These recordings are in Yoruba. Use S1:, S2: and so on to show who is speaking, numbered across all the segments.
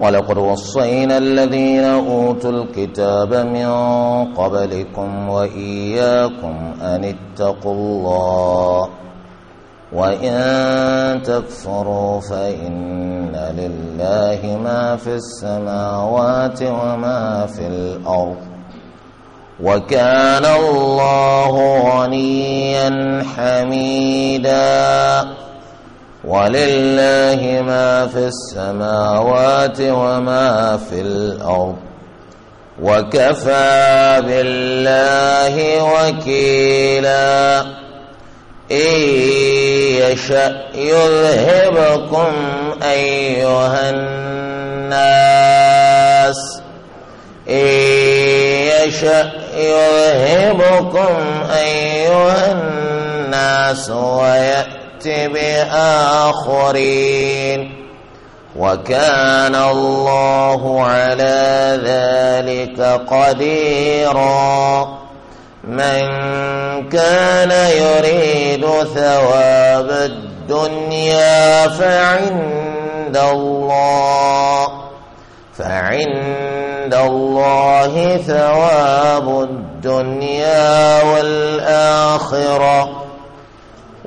S1: ولقد وصينا الذين أوتوا الكتاب من قبلكم وإياكم أن اتقوا الله وإن تكفروا فإن لله ما في السماوات وما في الأرض وكان الله غنيا حميداً ولله ما في السماوات وما في الأرض وكفى بالله وكيلا إن يشأ يذهبكم أيها الناس إن يشأ يذهبكم أيها الناس ويأتي بآخرين وكان الله على ذلك قديرا من كان يريد ثواب الدنيا فعند الله فعند الله ثواب الدنيا والآخرة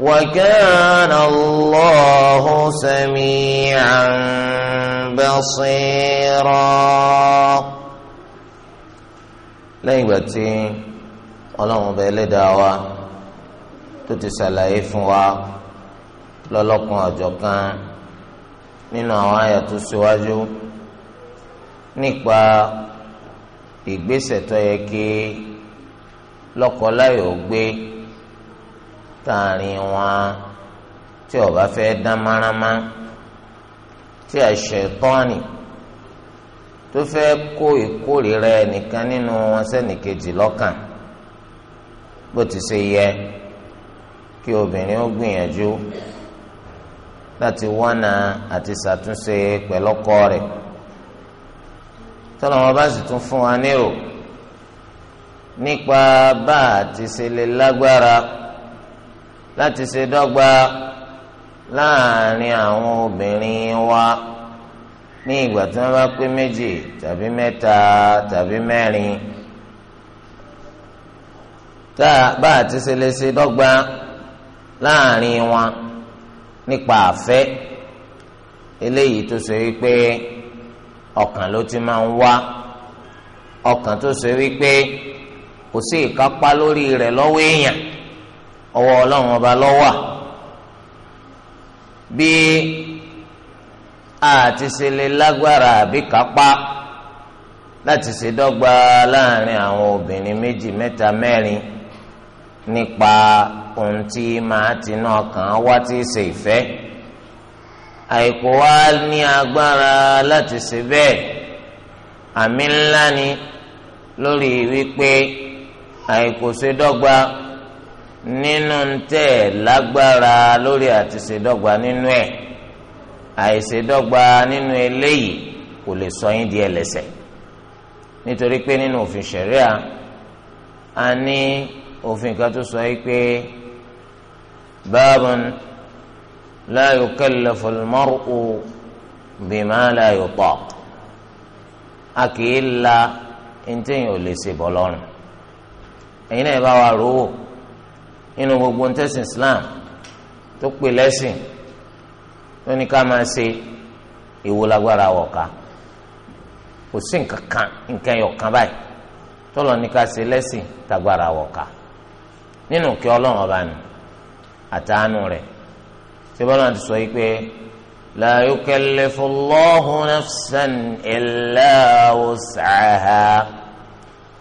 S1: وكان الله سميعا بصيرا lẹ́yìn ìgbà tí ọlọ́run ọba ẹlẹ́dàá wa tó ti ṣàlàyé fún wa lọ́lọ́kan àjọ̀kan nínú àwọn àyà tó ṣíwájú nípa ìgbésẹ̀ tó yẹ kí lọ́kọláya ó gbé tààrin wọn tí ọba fẹ́ dán máramá tí àṣetọ́ni tó fẹ́ kó ìkórìíra ẹnìkan nínú wọn sẹ́nìkejì lọ́kàn bó ti ṣe yẹ kí obìnrin ó gbìyànjú láti wọ́nà àti ṣàtúnṣe pẹ̀lọ́kọ rẹ̀ tọ́lá wọn bá sì tún fún wa nírò nípa bá àti ṣe lè lágbára láti ṣe dọ́gba láàrin àwọn obìnrin wa ní ìgbà tí wọ́n bá pé méjì tàbí mẹ́ta tàbí mẹ́rin tá a bá ti ṣe lè ṣe dọ́gba láàrin wọn nípa àfẹ́ eléyìí tó ṣe wípé ọkàn ló ti máa ń wá ọkàn tó ṣe wípé kò sí ìkápá lórí rẹ̀ lọ́wọ́ èèyàn ọwọ́ ọlọ́run ọba ló wà bí àti ṣẹlẹ̀ lágbára àbí kápá láti ṣe dọ́gba láàrin àwọn obìnrin méjì mẹ́ta mẹ́rin nípa ohun tí màá ti náà kàn án wá tí ṣe ìfẹ́ àìkú wa ní agbára láti ṣe bẹ́ẹ̀ àmì ńlá ni lórí wípé àìkú ṣe dọ́gba nínú tẹ lágbára lórí àti ṣèdọ́gba nínú ẹ̀ àìṣèdọ́gba nínú eléyìí kò lè sọ yín di ẹlẹ́ṣẹ̀ nítorí pé nínú òfin ṣẹ̀ríà a ní òfin kan tó sọ yìí pé babun la yukallafu al-mar'u bima la a kì í la ẹni tí ò lè ṣe bọ́ lọ́rùn ẹ̀yin náà bá wa rò nínú gbogbo ntẹ́sìn Islam tó pè lẹ́sìn tó ní ká máa ṣe èwo lágbára ọ̀ka kò sí nǹkan kan nǹkan ẹ̀yọ̀kan báyìí tọ́lọ̀ ní ká ṣe lẹ́sìn tágbára ọ̀ka nínú kí ọlọ́run ọba nù àtàánú rẹ̀ ṣé bọ́lá ti sọ yìí pé la yukallifu Allahu nafsan illa wus'aha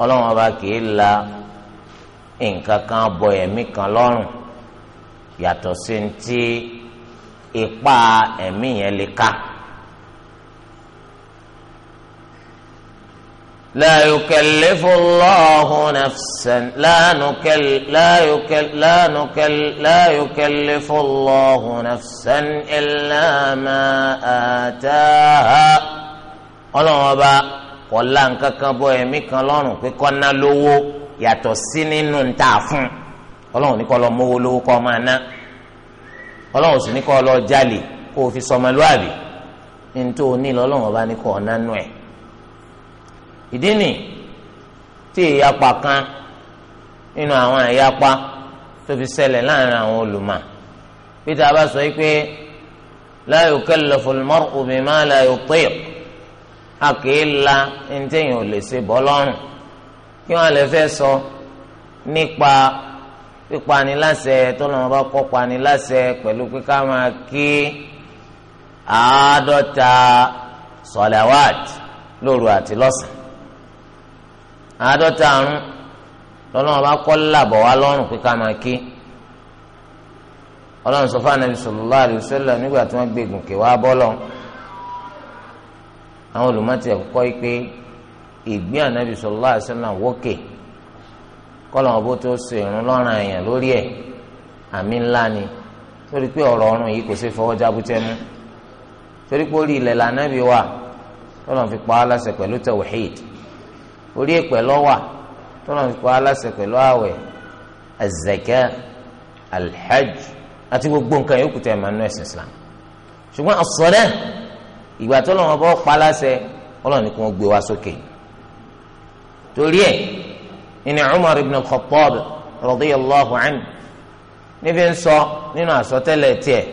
S1: ọlọ́run ọba kì í la nǹkan kan bọ ẹ̀mí kan lọ́rùn yàtọ̀ sí ti ipá ẹ̀mí yẹn lè ká. لا يكلف الله نفسا لا نكل لا يكل لا نكل لا يكلف الله نفسا إلا ما آتاها ọlọ́run ọba kò la nǹkan kan bọ ẹ̀mí kan lọ́rùn pé kó ná lówó yàtọ̀ sí nínú ntà fún ọlọ́run ní kọ́ lọ mówó lówó kọ́ máa ná ọlọ́run sì ní kọ́ lọ jalè kó o fi sọmọlúàbí nítorí o ní lọ́lọ́run ọba ní kọ́ ọ̀nà nù ẹ̀ ìdí nì tí ìyapa kan nínú àwọn ìyapa tó fi ṣẹlẹ̀ láàrin àwọn olùmọ̀ peter abba yìí pé la yukallafu al-mar'u bima la yutiq a kì í la ní ò lè ṣe bọ́ lọ́rùn kí wọn lè fẹ́ sọ nípa pípani láṣẹ tó lọ́wọ́ bá kọ́ pani láṣẹ pẹ̀lú pípa máa kí àádọ́ta sọ̀làwàt lóru àti lọ́sàn àádọ́ta àrùn lọ́lọ́wọ́ bá kọ́ làbọ̀ wá lọ́rùn pípa máa kí ọlọ́run sọ fún anabi sallallahu nígbà tí wọ́n gbé gòkè wá bọ́lọ̀ àwọn olùmọ̀tì ẹ̀kọ́ yìí pé. ìgbé ànábì sallallahu alaihi wasallam wókè kọ́lọ̀ tó ṣe lórí ẹ̀ àmì ńlá ni torí pé ọ̀rọ̀ ọ̀run yìí kò ṣe fọwọ́ jábútẹ́ mú torí pé orí ilẹ̀ lànàbì wà tọ́lọ̀ fi pa á pẹ̀lú tawhid orí lọ́wà tọ́lọ̀ fi pa á pẹ̀lú àwẹ̀ alhaj àti gbogbo nǹkan emmanuel islam ṣùgbọ́n ìgbà tọ́lọ̀ wọn bọ́ pa á torí ẹ̀ ìní Umar ibn al-Khattab radiyallahu anhu níbi ń sọ nínú àsọtẹ́lẹ̀ tiẹ̀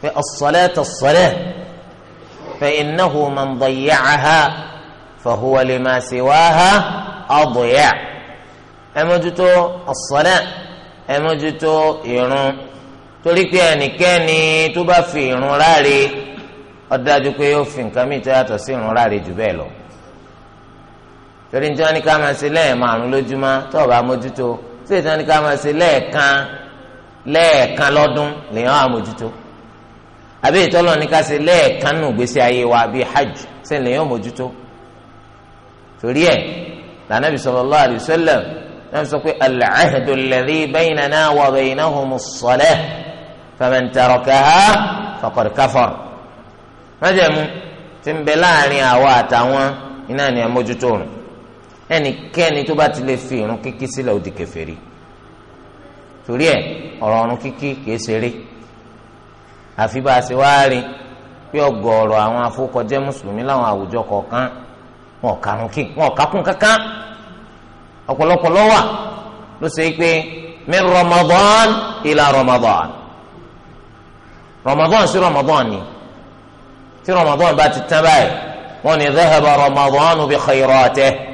S1: fẹ as-salatu as-salah fa innahu man dayya'aha fa huwa lima siwaha adya' ẹ mójútó as-salah ẹ mójútó ìrun torí pé ẹnikẹ́ni tó bá fi ìrun ráre ó pé yóò fi nǹkan mìíràn tó yàtọ̀ sí ìrun ráre jù bẹ́ẹ̀ lọ torí ní tí wọ́n ní ká máa ṣe lẹ́ẹ̀ márùn lójúmọ́ tó o bá mójútó sí ìtàn ní ká máa ṣe lẹ́ẹ̀kan lẹ́ẹ̀kan lọ́dún lèèyàn á mójútó àbí ìtọ́lọ̀ ní ká ṣe lẹ́ẹ̀kan nù gbèsè ayé wa bíi hajj sí lèèyàn mójútó torí ẹ̀ lànàbì sallallahu alaihi wasallam náà sọ pé al-ahdu alladhi baynana wa baynahumu as-salah faman ẹnikẹ́ni tó bá ti lè fi irun kíkí sílẹ̀ ó di kèfèrí torí ẹ ọ̀rọ̀ irun kíkí kìí ṣeré àfi bá a ṣe wá rí pé ọ̀gọ̀ọ̀rọ̀ àwọn afọkọjẹ mùsùlùmí láwọn àwùjọ kọ̀ọ̀kan wọn kàrún kí wọn kàkún kankan ọ̀pọ̀lọpọ̀ ló wà ló ṣe pé mi Ramadan ìlà Ramadan Ramadan sí Ramadan ni tí Ramadan bá ti tán báyìí wọn ni dhahaba Ramadan bi khayratihi.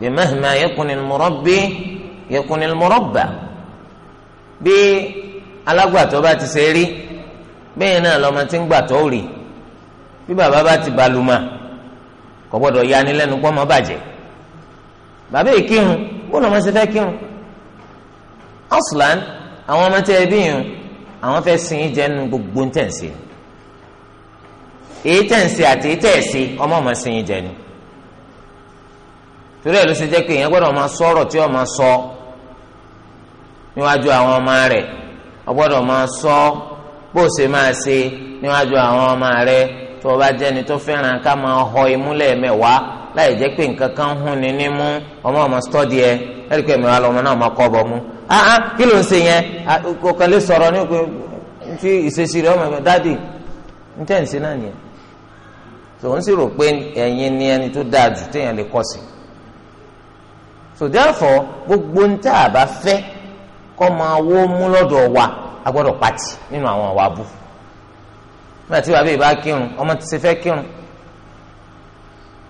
S1: بمهما mahima المربي mọ̀rọ́bí yẹkùnrin mọ̀rọ́bà bí alágbàtọ́ bá ti ṣe rí bẹ́ẹ̀ náà lọ́mọ tí ń gbàtọ́ ò rí bí bàbá bá ti balùmọ̀ kò gbọ́dọ̀ yanilẹ́nu gbọ́mọ bàjẹ́ bàbá ìkírun bóun ọmọ ṣe fẹ́ kírun ọ̀sùlán àwọn ọmọ tẹ́ ẹ bí yìí àwọn fẹ́ sin jẹ́ nu gbogbo ń tẹ̀ ṣe èyí tẹ̀ ṣe àti èyí tẹ̀ ṣe ọmọ ọmọ sin jẹ́ nu. torí ẹ̀ ló ṣe jẹ́ pé èèyàn gbọ́dọ̀ máa sọ tí ó máa sọ níwájú àwọn ọmọ rẹ̀ ó máa sọ bó ṣe máa ṣe níwájú àwọn ọmọ tó o bá jẹ́ni tó ká máa họ imú lẹ́ẹ̀mẹ́wàá láì jẹ́ pé nǹkan kan hún ni nímú ọmọ ọmọ stọ́dì ẹ ẹ̀rí pé mẹ́wàá lọ́mọ náà máa kọ́ a mú. áá kí ló ń ṣe yẹn kò ní tí ìṣesí ọmọ dádì ń tẹ̀ ń ṣe náà nìyẹn. tòun sì rò pé so therefore gbogbo ń tá a bá fẹ́ kọ́ máa wó mú lọ́dọ̀ wa a gbọ́dọ̀ pati nínú àwọn àwa bú nígbà tí bàbá yìí bá kírun ọmọ ti ṣe fẹ́ kírun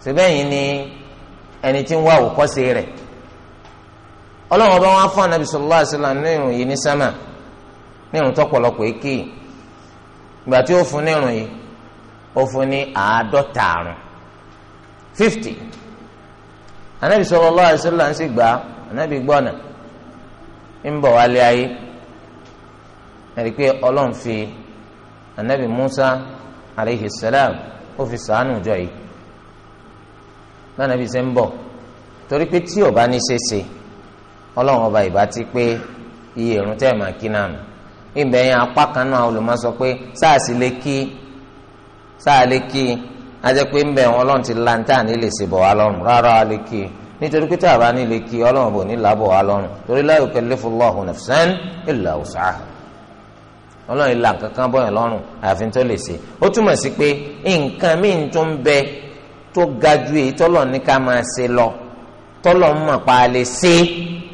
S1: síbẹ̀ yìí ni ẹni tí ń wá òkọ́sí rẹ̀ ọlọ́run ọba wọn fún anabi sọlá àṣìlá nírun yìí ní sámà nírun tọpọlọpọ èké ìgbà tí ó fún nírun yìí ó fún ní àádọ́ta àrùn fifty anabi sallallahu alaihi wasallam sì gbà anabi gbọnà ń bọ̀ wálé ayé ẹni pé Ọlọ́run fi anabi Musa aleyhi salam ó fi ṣàánú jọ yìí lánàbí ṣe ń bọ̀ torí pé tí ò bá ní ọba ìbá ti pé iye ìrun tẹ máa kí náà nù apá kan náà olùmọ̀ sọ ajẹ́ pé ń bẹ̀ wọn ọlọ́run ti lantá ní lè ṣe bọ̀ wá lọ́rùn rárá a lè kí nítorí pé tá a bá ní lè kí ọlọ́run bò ní làbọ̀ wá lọ́rùn torí la yukallifullahu nafsan illa wus'aha ọlọ́run ìlà kankan bọ̀yàn lọ́rùn àfi tó lè ṣe ó túmọ̀ sí pé nǹkan míì tó ń bẹ tó ga ju èyí tọ́lọ̀ ní ká máa ṣe lọ tọ́lọ̀ ń mọ̀ pa lè ṣe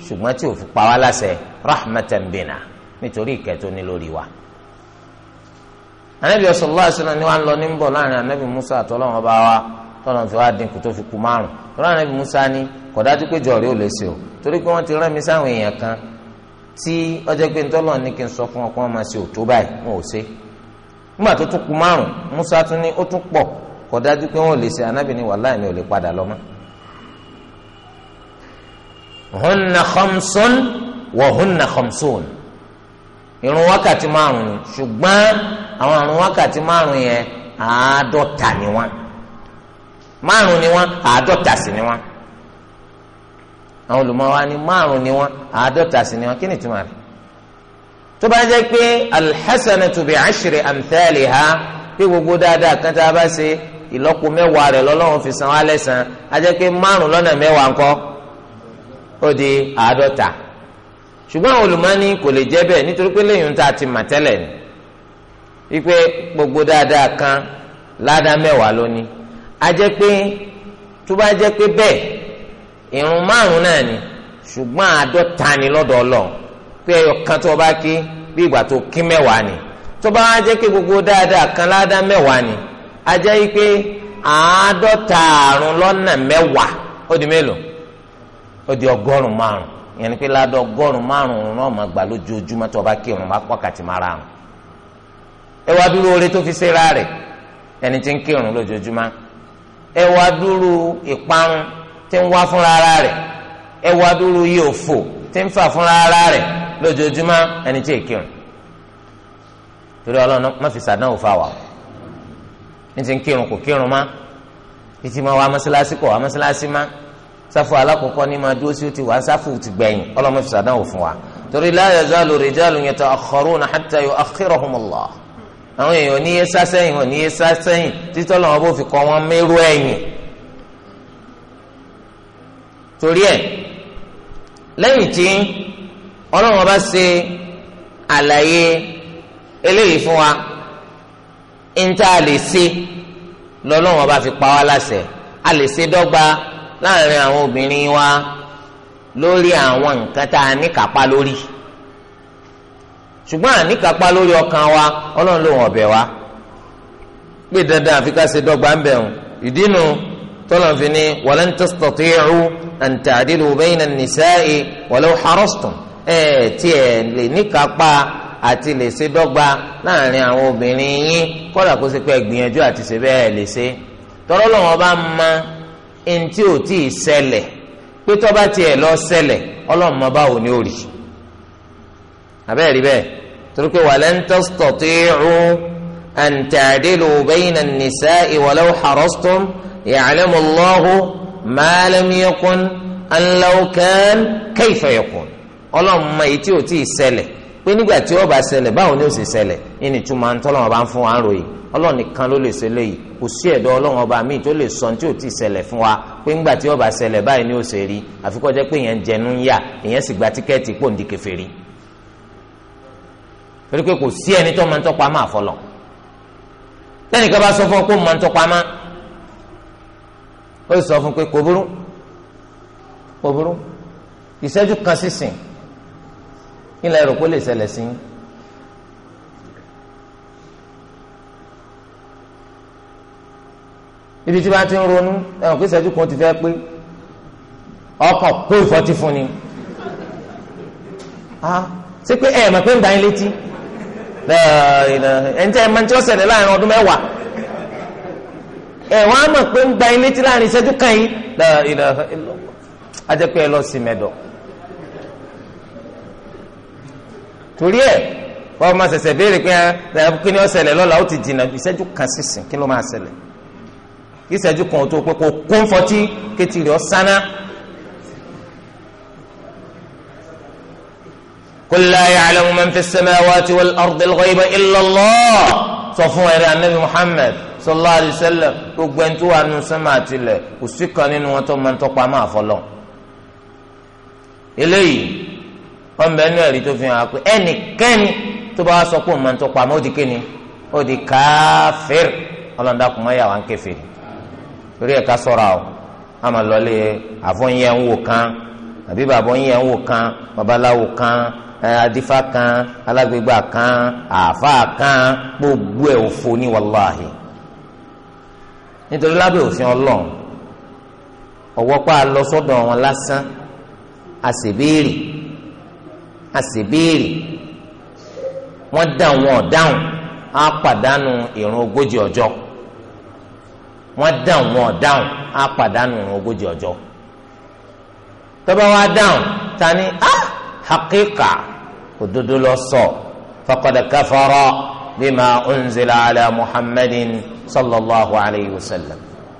S1: ṣùgbọ́n tí ò fi pa wá láṣẹ rahmatan bina nítorí ìkẹ́ tó ní lórí wa anabi sallallahu alaihi wasallam ni wọn lọ ní bọ láàrin anabi musa àtọlọwọn bá wa tọlọmọ fi wá dínkù tó fi kú márùn tọlọ anabi musa ni kò dájú pé jọrìí ò lè ṣe o torí pé wọn ti rán mi sáwọn èèyàn kan tí ọjọ́ pé ntọ́lọ̀ ní kí n sọ fún wọn kí wọ́n máa ṣe òtó báyìí wọn ò ṣe nígbà tó tún kú márùn musa tún ní ó tún pọ̀ kò dájú pé wọn ò lè ṣe anabi ni wàláì mi ò lè padà lọ mọ́. hunna khamsun wa hunna khamsun àwọn àrùn wákàtí márùn yẹn àádọ́ta ni wọ́n márùn ni wọ́n àádọ́ta sì ni wọ́n àwọn olùmọ̀wá ni márùn ni wọ́n àádọ́ta sì ni wọ́n kí ni túmọ̀ rẹ̀ tó bá jẹ́ pé alḥasanatu bi ashri ha bí gbogbo dáadáa kan tá a bá ṣe ìlọ́po mẹ́wàá rẹ̀ lọ́lọ́run fi san wá lẹ́sàn-án a jẹ́ pé márùn lọ́nà mẹ́wàá ńkọ́ ó di àádọ́ta ṣùgbọ́n àwọn olùmọ̀ni kò lè jẹ́ bẹ́ẹ̀ nítorí pé lẹ́yìn tá a ti mà tẹ́lẹ̀ ni wípé gbogbo dáadáa kan ládàá mẹ́wàá lónìí a jẹ́ pé tó bá jẹ́ pé bẹ́ẹ̀ ìrun márùn náà ni ṣùgbọ́n àádọ́ta ni lọ́dọ̀ Ọlọ́run pé ẹyọ kan tó bá kí bí ìgbà tó kí mẹ́wàá ni tó bá wá jẹ́ pé gbogbo dáadáa kan ládàá mẹ́wàá ni a jẹ́ wípé àádọ́ta àrùn lọ́nà mẹ́wàá ó di mélòó ó di ọgọ́rùn-ún márùn ìyẹn ni pé ládàá ọgọ́rùn-ún márùn-ún náà máa gbà lójoojúmọ́ tó bá kí ìrun wákàtí márùn-ún ẹ wá dúró oore tó fi ṣera rẹ̀ ẹni tí ń kírun lójoojúmọ́ ẹ wá dúró ìparun tí ń wá fúnra ara rẹ̀ ẹ wá dúró iye òfò tí ń fà fúnra ara rẹ̀ lójoojúmọ́ ẹni tí ì kírun torí ọlọ́run má fi sàdánwò fà wá ní ti ń kírun kò kírun má títí máa wá mọ́sálásí kọ̀ wá mọ́sálásí má sáfù alákọ̀ọ́kọ́ ní máa dúró sí ti wá sáfù ti gbẹ̀yìn ọlọ́run má fi sàdánwò fún wa torí la yazalu rijalun yata'akhkharuna hatta yu'akhkhiruhumullah àwọn èèyàn ní yé sásẹ́yìn wọn ní yé sásẹ́yìn títọ́ lọ́wọ́ bó fi kọ́ wọn mérú ẹ̀yìn torí ẹ̀ lẹ́yìn tí ọlọ́run ọba ṣe àlàyé eléyìí fún wa níta lè ṣe lọ́lọ́run ọba fi pa wá láṣẹ a lè ṣe dọ́gba láàrin àwọn obìnrin wa lórí àwọn nǹkan tá a ní kápá lórí ṣùgbọ́n àníkàpá lórí ọkàn wa ọlọ́run ló wọ̀n ọ̀bẹ̀ wa pé dandan àfi ká ṣe dọ́gba ń bẹ̀rù ìdínú tọ́lọ̀ fi ni walan tastati'u an ta'dilu bayna an-nisa'i walau harastum ẹ̀ tiẹ̀ lè níkàpá àti lè ṣe dọ́gba láàrin àwọn obìnrin yín kọ́dà kó ṣe pé gbìyànjú àti ṣe bẹ́ẹ̀ lè ṣe tọ́lọ́ lọ́wọ́ bá ma ẹni tí ò tí ṣẹlẹ̀ pé tọ́ba tiẹ̀ lọ ṣẹlẹ̀ ọlọ́run mọ báwo ni ó rí i abẹ́ẹ̀ rí bẹ́ẹ̀ torí pé walan tastati'u an ta'dilu bayna an-nisa'i walau harastum ya'lamu Allahu ma lam yakun an law kan kayfa yakun ọlọ́mọ èyí tí ò tí ì ṣẹlẹ̀ pé nígbà tí ó bá ṣẹlẹ̀ báwo ni ó sì ṣẹlẹ̀ ìní túmọ̀ ń tọ́lọ́wọ́n bá ń fún wa ń ròyìn ọlọ́run nìkan ló lè ṣe léyìí kò sí ẹ̀dọ́ ọlọ́run ọba míì tó lè sọ tí ò tí ì ṣẹlẹ̀ fún wa pé nígbà tí ó ṣẹlẹ̀ báyìí ni ó ṣe rí àfikọ́jẹ́ pé ìyẹn jẹnu ń yà ìyẹn sì gba tíkẹ́ẹ̀tì pò ń di torí pé kò sí ẹni tó máa ń tọ́pa máa fọlọ̀ lẹ́nìkan bá sọ fún ọ kó máa ń tọ́pa máa ó sọ fún pé kò burú kò burú ìṣẹ́jú kan sísìn ilẹ̀ rò kó lè ṣẹlẹ̀ sí yín. ibi tí bá ti ń ronú ẹ̀rọ pé ìṣẹ́jú kan ti fẹ́ pé ọkọ̀ kó ìfọ́tí fún ni ah, ṣé pé ẹ̀ mọ̀ pé ń gbà yín létí ẹnjẹ ẹ máa ń tí ó ṣẹlẹ̀ láàrin ọdún mẹ́wàá ẹ wọn á mọ̀ pé ń gba ilé tí láàrin ìṣẹ́jú kan yìí la ilaha illallah ajẹ́ pé ẹ lọ sí mẹ́dọ̀ torí ẹ wọ́n máa ṣẹ̀ṣẹ̀ béèrè pé kí ni ó ṣẹlẹ̀ lọ́la ó ti jìnnà ìṣẹ́jú kan sísìn kí ló máa ṣẹlẹ̀ ìṣẹ́jú kan ò tó pé kò kún fọtí kétì rẹ̀ ó sáná قل لا يعلم من في السماوات والأرض الغيب إلا الله sọfún ẹrẹ anabi muhammed sallallahu alayhi wa sallam gbogbo ẹni tó wà nínú sẹmà àtìlẹ kò sí kan nínú wọn tó máa ń tọpa máa fọlọ. eléyìí wọn bẹ nínú ẹ̀rí tó fi hàn pé ẹnikẹ́ni tó bá sọ pé òun máa ń tọpa máa ó di kíni ó di káfíìr ọlọ́dà kùmọ̀ yà wá ń kẹfẹ́ torí ẹ̀ ká sọ̀rọ̀ àwọn àmàlọ́lẹ̀ àfọ̀nyẹ̀ ń wò kan àbí bàbá ń yẹ̀ ń wò kan babaláwo kan adifa kan alágbègbà kan àáfà kan gbogbo ẹ̀ òfo ní wàláhì nítorí lábẹ́ òfin ọlọ́run ọ̀wọ́ pa lọ sọ́dọ̀ wọn lásán àṣèbéèrè àṣèbéèrè wọ́n dáhùn wọn dáhùn á pàdánù ìrun ogójì ọjọ́ wọ́n dáhùn wọn dáhùn á pàdánù ìrun ogójì ọjọ́ tọ́ba wa dáhùn ta ah hakika òdodo ló sọ faqad kafara bima unzila ala muhammadin sallallahu alayhi wa sallam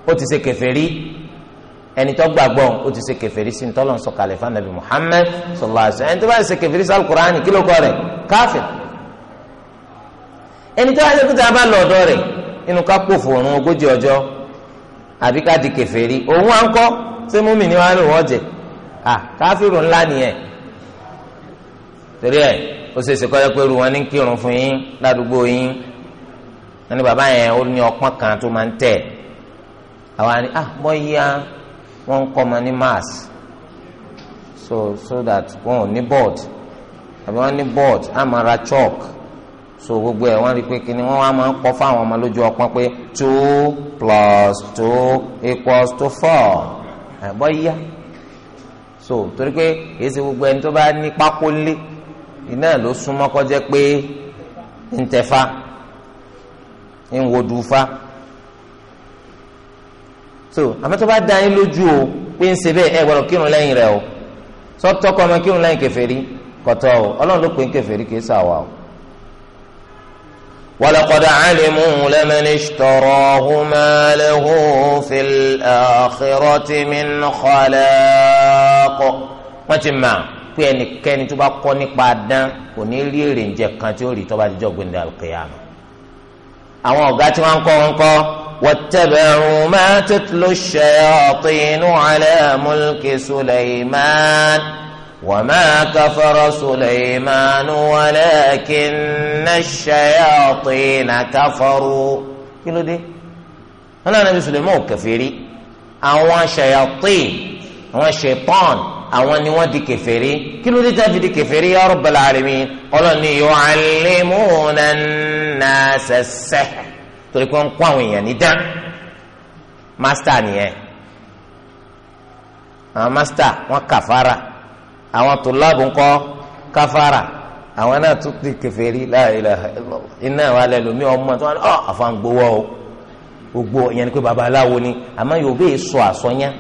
S1: ó ti ṣe kèfèrí ẹni tó gbàgbọ́ ó ti ṣe kèfèrí sí ntọ́lọ́ sọ̀kalẹ̀ fún anabi muhammed sallallahu alayhi wa sallam ẹni tó bá ṣe kèfèrí sí alukur'ani kí ló kọ́ rẹ̀ káfíìn ẹni tó bá ṣe kúta bá lọ ọ̀dọ́ rẹ̀ inú ká pòfò òrùn ogójì ọjọ́ àbí ká di kèfèrí òun à ń kọ́ sẹ́múmi ni wọ́n lò wọ́n jẹ à ńlá nìyẹn torí ẹ̀ ó ṣe é ṣe kọ́jọ́ pé irú wọn ní kírun fún yín ládùúgbò yín wọn ní bàbá yẹn ó ní ọpọ́n kan tó máa ń tẹ̀ àwa ni ah bọ́yá wọ́n ń kọ́ ọmọ ní mass so so that wọn ò ní board àbí wọn ní board á máa ra chalk so gbogbo ẹ wọn rí pé kíni wọn wá máa ń kọ fáwọn ọmọ lójú ọpọ́n pé two plus two equals to four ẹ̀bọ́ yíyá so torí pé èyí ṣe gbogbo ẹni tó bá ní pákó lé iná ló súnmọ́ kọjá pé ń tẹ̀fa ń wodu fa so àmọ́ tó bá dá yín lójú o pé ń ṣe bẹ́ẹ̀ ẹ gbọ́dọ̀ kírun lẹ́yìn rẹ̀ o sọ́tọ́ kọ́ ọmọ kírun lẹ́yìn kèfèrí kọ́tọ́ o ọlọ́run ló pè ń kèfèrí kì í sàwà o. ولقد علموا لمن اشتراه ما له في الآخرة من خلاق ما pé ẹnikẹ́ni tó bá kọ́ nípa dán kò ní rí èrè ńjẹ kan tí ó rí tó bá dijọ́ gbẹ̀ndẹ̀ alùkìyàmù. àwọn ọ̀gá tí wọ́n ń kọ́ wọn kọ́ wọ́tẹ̀bẹ̀rún máa tutlu ṣayatinu ala mulki Sulaiman wa ma kafara Sulaiman walakinna ṣayatina kafaru. kí ló dé? wọn náà nàbí Sulaiman ò kèfèrí àwọn ṣayatin àwọn ṣetán àwọn ni wọ́n di kèfèrí kí ló dé tá a fi di kèfèrí ya rabbal alamin ọlọ́ni yu'allimuna an-nasa as-sihr torí pé wọ́n ń kó àwọn èèyàn ní dán mástà nìyẹn àwọn mástà wọ́n kàfàrà àwọn tòlábù ńkọ́ kàfàrà àwọn náà tún ti kèfèrí la iná àwọn alẹ́ lomi ọmọ tó wà ní ọ àfọ̀ǹgbowó o gbogbo ìyẹn ni pé babaláwo ni àmọ́ yóò bẹ́ẹ̀ sọ àsọyán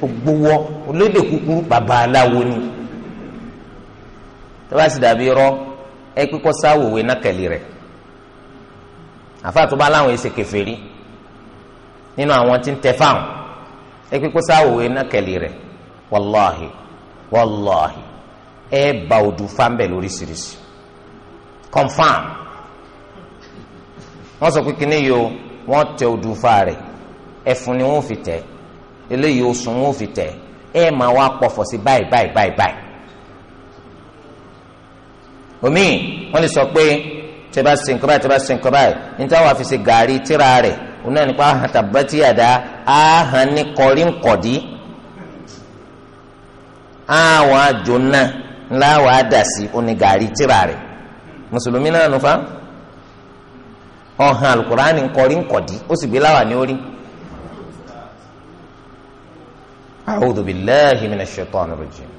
S1: gbogbo wọ olóde kúkúrú bàbá aláwo ni tó bá sì dàbí irọ́ ẹ kíkọ́ sáwòwe nákẹ́lì rẹ̀ àfa tó bá láwọn èsè kèfèrí nínú àwọn tí ń tẹ fáwọn ẹ kíkọ́ sáwòwe nákẹ́lì rẹ̀ wàláhì wàláhì ẹ bá odù fáńbẹ̀ lóríṣiríṣi confam wọ́n sọ pé kíní yìí o wọ́n tẹ odù ni fi eléyìí oṣù wọn ò fi tẹ̀ ẹ máa wá pọ̀fọ̀ sí báyìí báyìí báyìí báyìí. omi wọn lè sọ pé tẹ bá ṣe nǹkan báyìí tẹ bá ṣe nǹkan báyìí níta wàá fi ṣe gàárì tíra rẹ̀ òun náà nípa ahàn tàbátì àdá ahàn ní kọrí nkọ̀dí àwọn àjò náà ńlá wàá dà sí oní gàárì tíra rẹ̀ mùsùlùmí náà nù fa ọ̀hàn alukurani nkọrí nkọ̀dí ó sì gbé láwà ní orí. a'udhu billahi minash shaitani rajim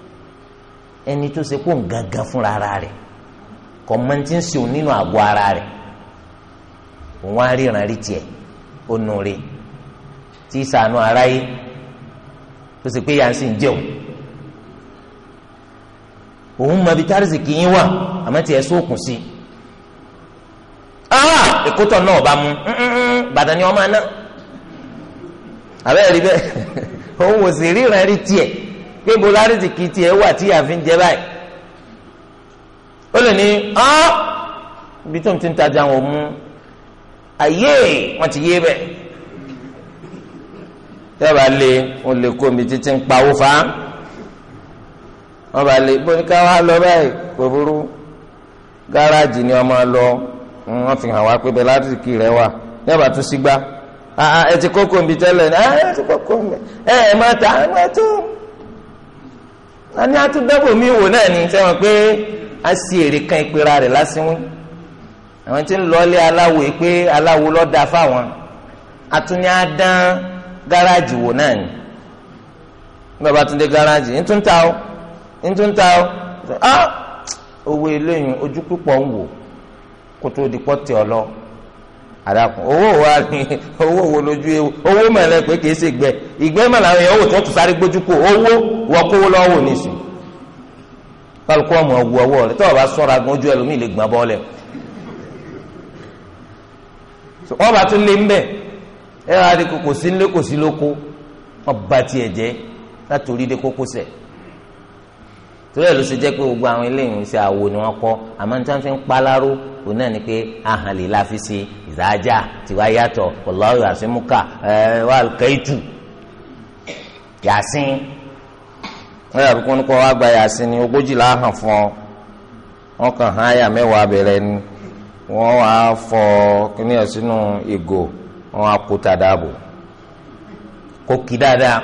S1: ẹni tó ṣe kó ngangan fúnra ara rẹ̀ kọ̀mọ́ntì ń sùn nínú àgọ́ ara rẹ̀ òun á ríran rí tiẹ̀ ó nù rí tí sànù aráyé tó ṣe pé yà ń sìn jẹun òun mọ ibi tárìsì kì í wà àmọ́ tiẹ̀ sókun sí i ah náà bá mu bàtà ni wọ́n máa ná bẹ́ẹ̀. òun ò sì ríran rí tiẹ̀ pé bo lárísìkì tiẹ̀ wà tí àfi ń jẹ báyìí ó lè ní ọ́ ibi tó ń ti ń tajà wọn mú ayé wọn ti yé bẹ́ẹ̀ tẹ́ẹ̀bà lé wọn lè kó omi títí ń pawó fa wọn bá lè bó ní ká wá lọ báyìí kò burú gáràjì ni wọn máa lọ wọn fi hàn wá pé bẹ́ẹ̀ rẹ wà tẹ́ẹ̀bà tún sígbà. Si Ah, ah, ẹ ti kókó mi tẹ́lẹ̀ ẹ ah, ẹ ti kókó mi ẹ ẹ máa ta ẹ máa tó a ní atúndẹ́bò mi wò náà ni sẹ́wọ̀n pé a sì èrè kan ìpera rẹ̀ lásìwọ́n àwọn tí ń lọlé aláwo yìí pé aláwo lọ́ọ́ da fáwọn atúnyẹ á dán gáràjì wò náà ni bàbá tún dé gáràjì ń tún ta ó ń tún ta ó ah owó eléyìí ojú púpọ̀ ń wò kó tó tẹ̀ ọ lọ́ọ́. àdàkùn owó wa ni owó wo lójú ewu owó mẹ́lẹ̀ pé kìí ṣe gbẹ ìgbẹ́ mẹ́lẹ̀ àwọn èèyàn owó tó tún sáré gbójú kó owó wọ kówó lọ́wọ́ nísìn kálukú ọmọ ọwọ ọwọ rẹ tọ́wọ́ bá sọ́ra lè bá tún lé ń ẹ wá rí torí ẹ̀ ló ṣe jẹ́ pé gbogbo àwọn eléyìí ṣe àwo ni wọ́n kọ́ àmọ́ ní táwọn fi ń paláró òun náà ni pé ahàn lè la fi ṣe ìdájà tiwa yàtọ̀ ọ̀làwọ̀ àṣemúkà ẹ̀ wà kẹ́ẹ̀tù yàsín wọ́n yàrá kó nípa wàá gba yàsín ni ogójì là fún ọ kàn hàn áyà mẹ́wàá bẹ̀rẹ̀ ni wọ́n wàá fọ kíní ẹ̀ sínú ìgò wọ́n á kó tàdáàbò kó kí dáadáa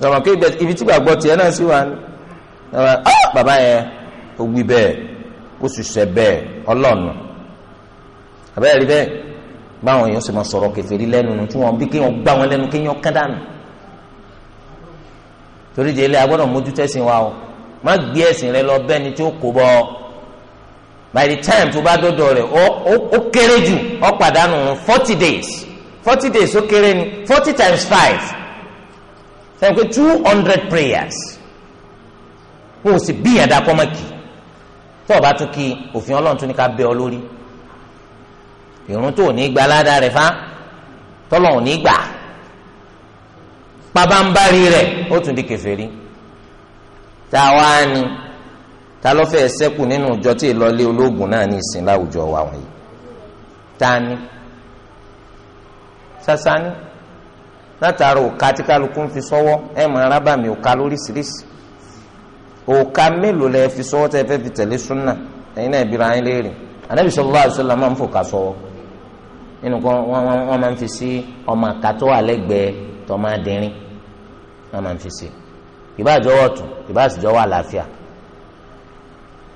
S1: tọmọ tí gbàgbọ́ tiẹ̀ náà sì wà ní. Ah, bàbá yẹn ó wí bẹ́ẹ̀ ó sì ṣe bẹ́ẹ̀ ọlọ́ọ̀nù àbẹ́rẹ́ rí bẹ́ẹ̀ báwọn èèyàn sì máa sọ̀rọ̀ kẹfẹ́rí lẹ́nu tí wọ́n bí kéèyàn gbá wọn lẹ́nu kéèyàn kán dànù torí de ilé agbọ́dọ̀ mójútó ẹ̀sìn wa o má gbé ẹ̀sìn rẹ lọ bẹ́ni tí ó kó bọ́ by the time tó bá dọ́dọ̀ rẹ̀ ó kéré jù ó pàdánù forty days forty days ó kéré ni forty times five ṣe pé two hundred prayers. kó o sì bíyàn dá kọ́mọ́kì tó o bá tún kí òfin ọlọ́run tún ní ká bẹ ọ lórí ìrun tó o ní gba aládàá rẹ fá tọ́lọ̀ ò ní gbà
S2: pabambari rẹ
S1: ó tún di kèfèrí tá a wá ní ta ló fẹ́ sẹ́kù nínú ìjọ tí ìlọlé ológun náà ní ìsìn láwùjọ wa wọ̀nyí ta ni sasani látara òka tí kálukú ń fi sọ́wọ́ ẹ̀ mọ arábàmì òka lóríṣiríṣi òòka mélòó lẹ fi sọ́wọ́ tẹ fẹ́ fi tẹ̀lé súnà ẹ̀yin náà ìbíra yín léèrè anabi sallallahu alaihi wasallam máa ń fòkà sọ́wọ́ nínú kan wọ́n máa ń fi sí ọmọ àkàtọ́ àlẹ́gbẹ̀ẹ́ tọ́mọ adìrin wọ́n máa ń fi sí ìbáàjọ́ ọ̀tún ìbáàjọ́ wà láàfíà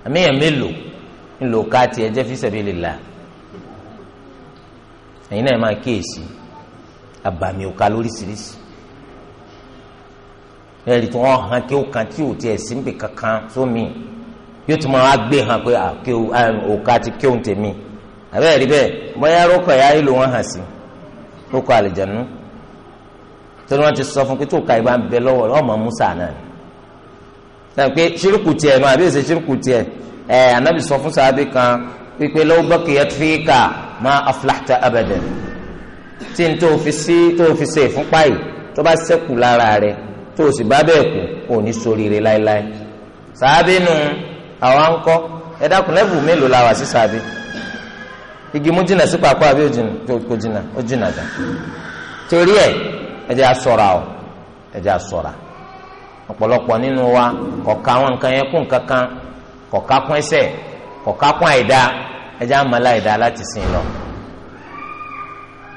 S1: àmìyàn mélòó ńlò ká tiẹ̀ jẹ́ fi sabilillah ẹ̀yin náà máa kíyèsí àbàmì òka lóríṣiríṣi ẹ̀rí tí wọ́n hàn kí ó kan tí ò tiẹ̀ sí níbi kankan sómi yóò tún máa gbé hàn pé òkà ti kí òun tèmi àbẹ́ẹ̀ bẹ́ẹ̀ bóyá ya ẹ̀yà ìlú wọn hàn sí rókò àlìjánu torí wọn ti sọ fún pé tó ka ìbá ń bẹ lọ́wọ́ ọmọ musa náà sọ pé ṣírùkù tiẹ̀ náà àbí èsè ṣírùkù tiẹ̀ ẹ̀ ànábì sọ fún sàábì kan lọ́wọ́ tí n fi sí tó fi tó bá lára rẹ̀ tó o sì bá bẹ́ẹ̀ kú o ní ṣoríire láéláé sàábì nù àwọn akọ ẹ dákun lẹ́bù mélòó la wà sí igi mú jìnnà sí pàpọ̀ àbí òjìnnà jìnnà ó jìnnà ẹ ẹ jẹ́ o ẹ jẹ́ ọ̀pọ̀lọpọ̀ nínú wa kọ̀ọ̀ka àwọn nǹkan yẹn kún ẹsẹ̀ kún àìda ẹ jẹ́ àmàlà àìda láti sìn lọ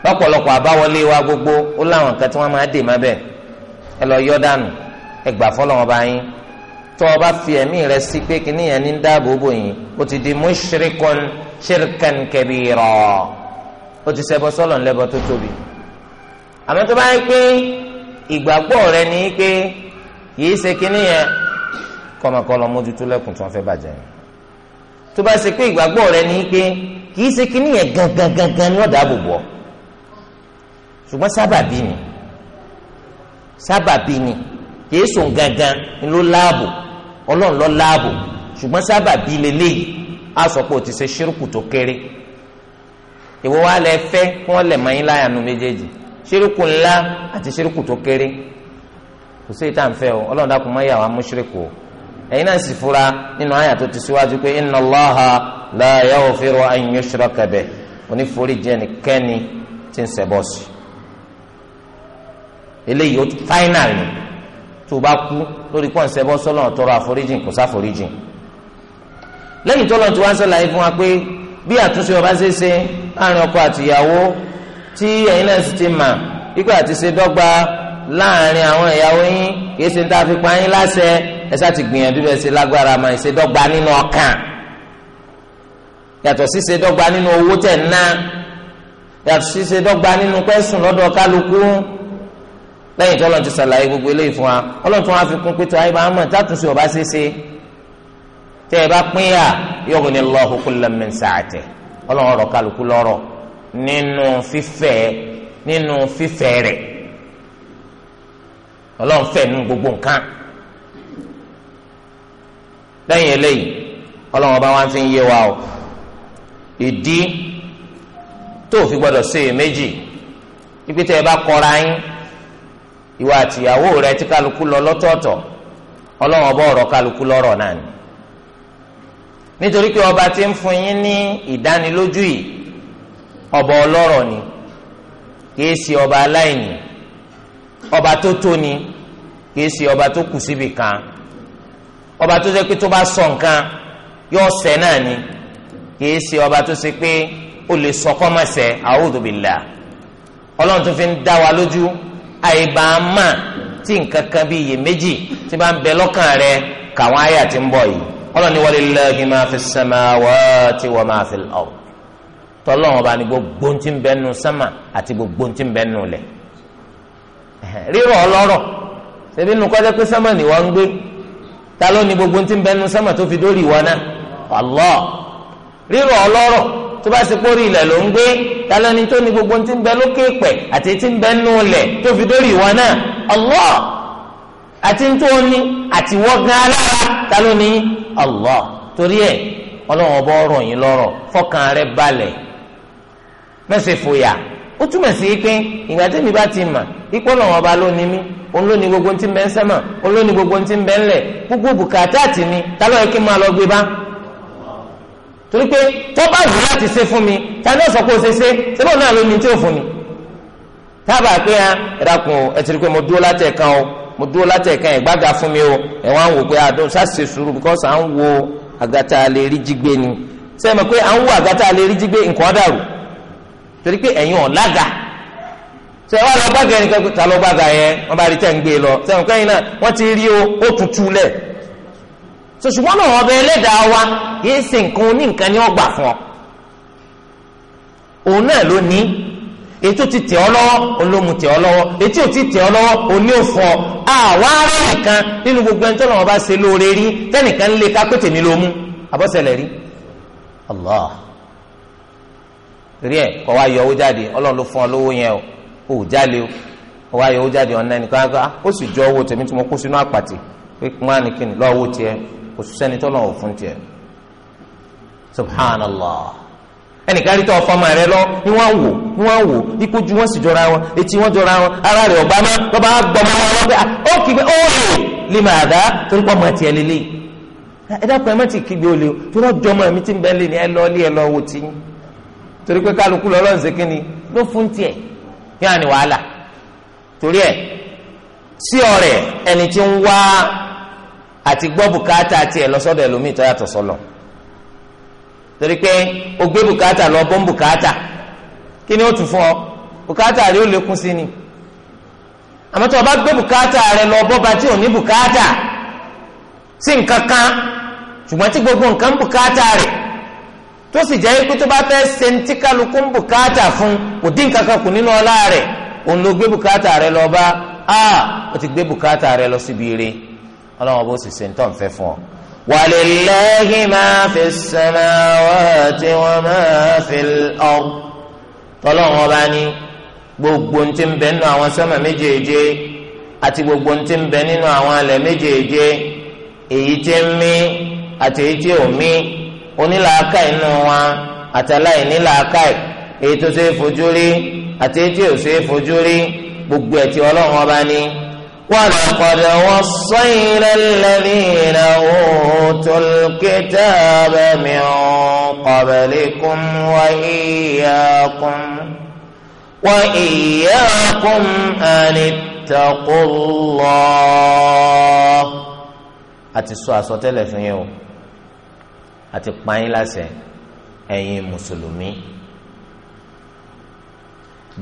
S1: lọ́pọ̀lọpọ̀ àbáwọlé wa gbogbo ó láwọn nǹkan tí wọ́n máa dè má ẹ lọ yọ dànù ẹ gbà fọlọ́wọ́n bá yín tó o bá fi ẹ̀mí rẹ sí pé kíní yẹn ní dáàbò bò yín o ti di mushrikun shirkan kabira o ti ṣẹbọ sọlọ ńlẹbọ tó tóbi àmọ́ tó bá yẹ pé ìgbàgbọ́ rẹ ni pé yìí ṣe kíní yẹn kọ́mọkọ́lọ́ mójútó lẹ́kùn tí wọ́n fẹ́ bàjẹ́ yẹn tó bá ṣe pé ìgbàgbọ́ rẹ ni pé kìí ṣe kíní yẹn gangan gangan ni wọ́n dáàbò ṣùgbọ́n sábàbí ni. sábàbí ni kìí sùn gangan ló láàbò ọlọ́run ló láàbò ṣùgbọ́n sábàbí leléyìí sọ pé o ti ṣe ṣírùkù tó kéré ìwọ wa lẹ fẹ́ kí wọ́n lẹ̀ mọ́yìn láyàánú méjèèjì ṣírùkù ńlá àti ṣírùkù tó kéré kò sí ìta o ọlọ́run ìyàwó amúṣírìkù o ẹ̀yin náà fura nínú àyà tó ti síwájú pé inna Allaha la yaghfiru an yushraka bihi tí ń sí eléyìí ó final ni tó o bá kú lórí pọ́ǹsẹ̀ bọ́ sọ́lọ́n tọrọ àforíjìn kò sáforíjìn lẹ́yìn tó lọ́n ti wá ń sọ̀lá yìí fún wa pé bí àtúnṣe ọba ṣe ṣe láàrin ọkọ àtìyàwó tí ẹ̀yin náà sì ti mà ikú àti ṣe dọ́gba láàrin àwọn ìyàwó yín kì í ṣe tá a fi pa yín láṣẹ ẹ ṣáà ti gbìyànjú bẹ́ẹ̀ ṣe lágbára máa ṣe dọ́gba nínú ọkàn yàtọ̀ sí ṣe dọ́gba nínú owó tẹ̀ ń ná yàtọ̀ sí ṣe dọ́gba nínú pẹ́sùn lọ́dọ̀ kálukú lẹ́yìn tí Ọlọ́run ti sàlàyé gbogbo eléyìí fún wa Ọlọ́run tó wá fi kún pété ayé máa mọ̀ tátùnsí ọba ṣeéṣe tẹ́ ẹ bá pín yà yọ̀gùn ní lọ́ọ̀hún kú lẹ́mìn sàátẹ̀ Ọlọ́run ọ̀rọ̀ kálukú lọ́rọ̀ nínú fífẹ́ nínú fífẹ́ rẹ̀ Ọlọ́run fẹ́ nínú gbogbo nǹkan lẹ́yìn eléyìí Ọlọ́run ọba wa fi ń yé wa o ìdí tó fi gbọdọ̀ ṣe èméjì ibi tẹ́ ẹ bá kọra yín ìwà àtìyàwó rẹ tí kálukú lọ lọ́tọ̀ọ̀tọ̀ ọlọ́run ọba ọ̀rọ̀ kálukú lọ́rọ̀ náà ni nítorí pé ọba tí ń fún yín ní ìdánilójú yìí ọba ọlọ́rọ̀ ni kìí ṣe ọba aláìní ọba tó tó ni kìí ṣe ọba tó kù síbi kan ọba tó jẹ́ pé tó bá sọ nǹkan yóò ṣẹ náà ni kìí ṣe ọba tó ṣe pé ó lè sọ mọ̀ ṣẹ a'udhu ọlọ́run tó fi ń dá wa lójú àìbámà tí nǹkan kan bí iyèméjì tí bá ń bẹ lọ́kàn rẹ kàwọn àyà tí ń bọ̀ yìí ọlọ́ni walillahi ma fi samawati wa ma fi al-ard tọ́lọ́wọ́n bá ní gbogbo tí ń bẹ nù sánmà àti gbogbo tí ń bẹ nù lẹ̀ rírọ̀ ọlọ́rọ̀ ṣèbí nu kọ́jọ́ pé sánmà ni wọ́n ń gbé ta ló ní gbogbo tí ń bẹ nù sánmà tó fi dórí ìwọ náà Allah rírọ̀ ọlọ́rọ̀ tụba bá ṣe ilẹ̀ ló ń gbé talẹ́ni tó ni gbogbo ti ń bẹ lókè àti ti ń bẹ nù lẹ̀ tó fi dórí ìwọ náà Allah àti tó ní àti wọ́n gan ta Allah torí ẹ ọba ọrọ lọrọ fọkàn rẹ fòyà ó túmọ̀ sí pé ìgbà ọba ló ní mí gbogbo ti ń bẹ ń gbogbo ti ń bẹ gbogbo bùkátà tì yẹ kí torí pé tó bá láti ṣe fún mi ta ni ó sọ ṣe ṣe náà ló ní tí fún mi tábà pé ya ah, ẹ̀dàkùn ẹ̀tìrì pé mo dúró láti o mo dúró láti ẹ̀kan ìgbága fún mi o ẹ̀wọ̀n ah, àdó sùúrù because à ń wo àgàtà alẹ́ rí jígbé ni sẹ́yìn mọ̀ pé à ń wo àgàtà alẹ́ rí nǹkan dàrú torí pé ẹ̀yin ọ̀ lága lọ gbàgà sòṣùgbọ́n náà ọbẹ̀ ẹlẹ́dàá wa yìí ṣe nǹkan oní ni wọ́n gbà fún ọ òun náà ló ní ti tẹ̀ lọ́wọ́ tẹ̀ lọ́wọ́ etí ò ti tẹ̀ ọ́ lọ́wọ́ òní òfò àwa ará nìkan nínú gbogbo ẹni tó lọ́wọ́ bá ṣe lóore rí tẹ́nìkan ká pété mi ló mú abọ́sẹ̀lẹ̀ rí rí ẹ kọ́ wa yọ owó jáde ló fún ọ lówó yẹn o ò kò sẹ́ni tọ́lọ̀ fún tiẹ̀ subhanallah ẹnìkan rí tọ́ ọfọmọ rẹ lọ ni wọ́n wò ni wọ́n wò ikójú wọn sì jọra wọn etí wọn jọra wọn ara rẹ lọba gbọmọ wọn pé ah, ó ó lè lè dá torí ẹ dákun ẹ o torí ń lé ẹ lọ lé ẹ lọ wò tí torí pé kálukú lọ torí ẹ ọrẹ ẹni tí àti gbọ́ bùkátà tiẹ̀ lọ́sọ́dọ̀ ẹlòmíì tó yàtọ̀ sọlọ torí pé o gbé bùkátà lọ bọ́ bùkátà kí ni ó tún fún ọ bùkátà rẹ ó lékún sí ni àmọ́ tó o bá gbé bùkátà rẹ lọ bọ́ba tí ò ní bùkátà sí nǹkan kan ṣùgbọ́n tí gbogbo nǹkan ń bùkátà rẹ tó sì jẹ́ ikú tó bá fẹ́ ṣe ń tí kálukú ń bùkátà fún kò dín nǹkan kù nínú ọlá rẹ òun ló gbé bùkátà rẹ lọ bá a ó ti gbé bùkátà rẹ lọ síbi rẹ ọlọ́wọ́n bó sì ṣe ń tọ́ ń fẹ́ fún ọ. walillahi máa fi samawati wa máa fi al-ard tọ́lọ́wọ́n bá ní gbogbo ń ti ń bẹ nínú àwọn sọ́mà méjèèje àti gbogbo ń ti ń bẹ nínú àwọn alẹ̀ méjèèje èyí tí ń mí àti èyí tí ò mí onílàákà inú wa àtàláì nílàákà èyí tó ṣe é fojú rí àti èyí tí ò ṣe é fojú rí gbogbo ẹ̀ tí ọlọ́run ọba ní. ولقد وصينا الذين أوتوا الكتاب من قبلكم وإياكم وإياكم أن اتقوا الله àti sọ àsọtẹ́lẹ̀ fún yín o àti pa yín láṣẹ ẹ̀yin mùsùlùmí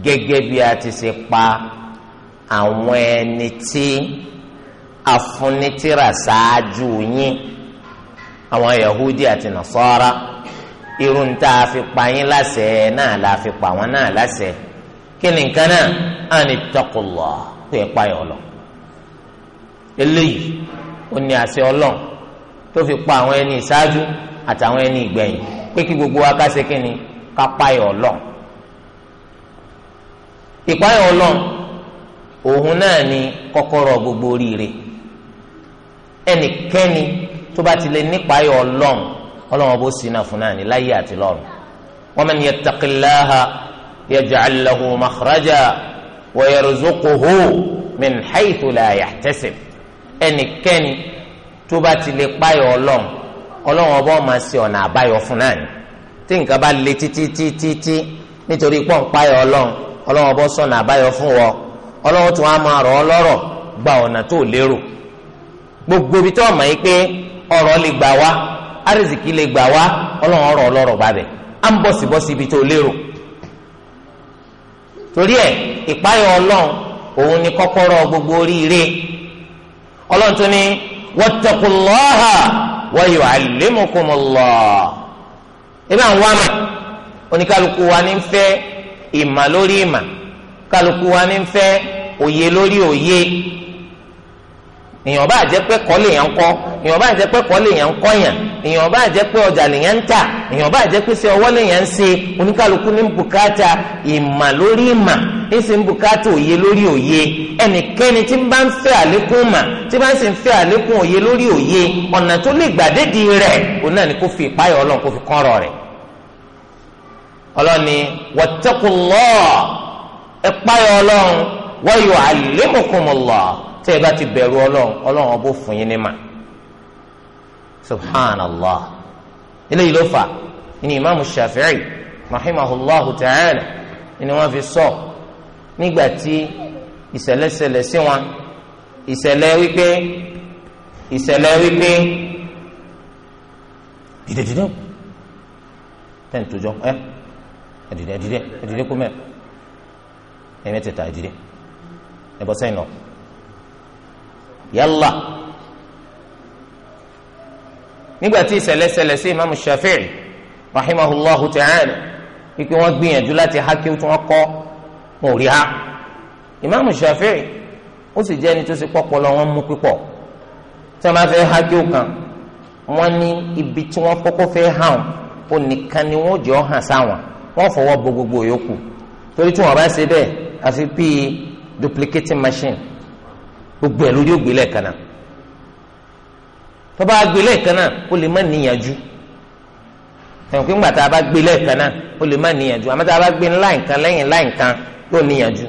S1: gẹ́gẹ́ bí a ti ṣe pa àwọn ẹni tí afunitira ṣáájú yín àwọn yahudi àti nasara irun tá a fi pa yín náà la fi pa wọn náà láṣẹ
S2: kí ni nǹkan náà
S1: á ní tọkùlọ kó ẹ pa yọ lọ eléyìí ó ní àṣẹ tó fi pa àwọn ẹni àtàwọn gbogbo wa ká ṣe kí ni òun náà ni kọ́kọ́rọ́ gbogbo oríire ẹnikẹ́ni tó bá ti lè nípayọ̀ ọlọ́run ọlọ́run bó sì náà fún náà ní láyé àti lọ́run waman yattaqillaha yaj'al lahu makhraja wa yarzuquhu min haythu la yahtasib tó bá ti lè ọ̀nà àbáyọ fún náà ni tí nǹkan bá le títí títí nítorí sọ̀nà ọlọ́wọ́ tí wọ́n á máa rọ̀ ọ́ lọ́rọ̀ gba ọ̀nà tó gbogbo ibi tí wọ́n mọ̀ yìí pé ọ̀rọ̀ lè gbà wá ọlọrọ lè gbà wá ọlọ́wọ́ ọ̀rọ̀ ọlọ́rọ̀ gbàbẹ̀ á ń bọ̀sibọ́sí ibi torí ẹ̀ ọlọ́run òun ni kọ́kọ́rọ́ gbogbo oríire ọlọ́run tó ní wa kálukú wa ní fẹ́ òye lórí òye èèyàn bá jẹ́ pé kọ́ lèèyàn kọ́ èèyàn bá jẹ́ pé kọ́ lèèyàn kọ́yàn èèyàn bá jẹ́ pé ọjà lèèyàn ń tà èèyàn bá jẹ́ pé ṣe ọwọ́ lèèyàn ń ṣe oníkálukú ní bùkátà ìmà lórí ìmà ní sì ń bùkátà òye lórí òye ẹnikẹ́ni tí bá ń fẹ́ àlékún mà tí bá ń sì ń fẹ́ àlékún òye lórí òye ọ̀nà tó lè gbàdédi rẹ̀ òun náà ni kó fi ìpáyọ̀ ọlọ́run kó fi kọ́rọ̀ ẹ̀páyọ̀ ọlọ́run wa yu'allimukumullah tẹ́ ẹ bá ti bẹ̀rù ọlọ́run ọlọ́run ọbọ̀ fún yín ní mà subhanallah eléyìí ló fà ní imaamu shafi'i rahimahullahu ta'ala ni wọ́n fi sọ nígbà tí ìṣẹ̀lẹ̀ ṣẹlẹ̀ sí wọn ìṣẹ̀lẹ̀ wípé ìṣẹ̀lẹ̀ wípé dìde dìde tẹ̀ ń tójọ ẹ ẹ mẹ́rin ẹ̀yin mẹ́tẹ̀ẹ̀ta ìdílé ẹ bọ́ sẹ́yìn lọ yálà nígbà tí ìṣẹ̀lẹ̀ ṣẹlẹ̀ sí imaamu shafi'i rahimahullahu ta'ala wípé wọ́n gbìyànjú láti há kí wọ́n kọ́ wọn ò rí há imaamu shafi'i ó sì jẹ́ ẹni tó ṣe pọ́pọ́lọ wọn mú pípọ̀ tí wọ́n bá fẹ́ há kan wọ́n ní ibi tí wọ́n kọ́kọ́ fẹ́ hàn ó nìkan ni wọ́n jọ hàn sáwọn wọ́n fọwọ́ bo gbogbo yòókù torí tí wọ́n bá ṣe bẹ́ẹ̀ àfi bíi duplicating machine gbogbo ẹ̀ lórí ògbélé kan náà tọ́ba gbélé kan ó lè má níyànjú ẹ̀wọ̀n pé ńgbà tá a bá kan ó lè má níyànjú àmọ́ tá a bá gbé láì kan lẹ́yìn láì kan níyànjú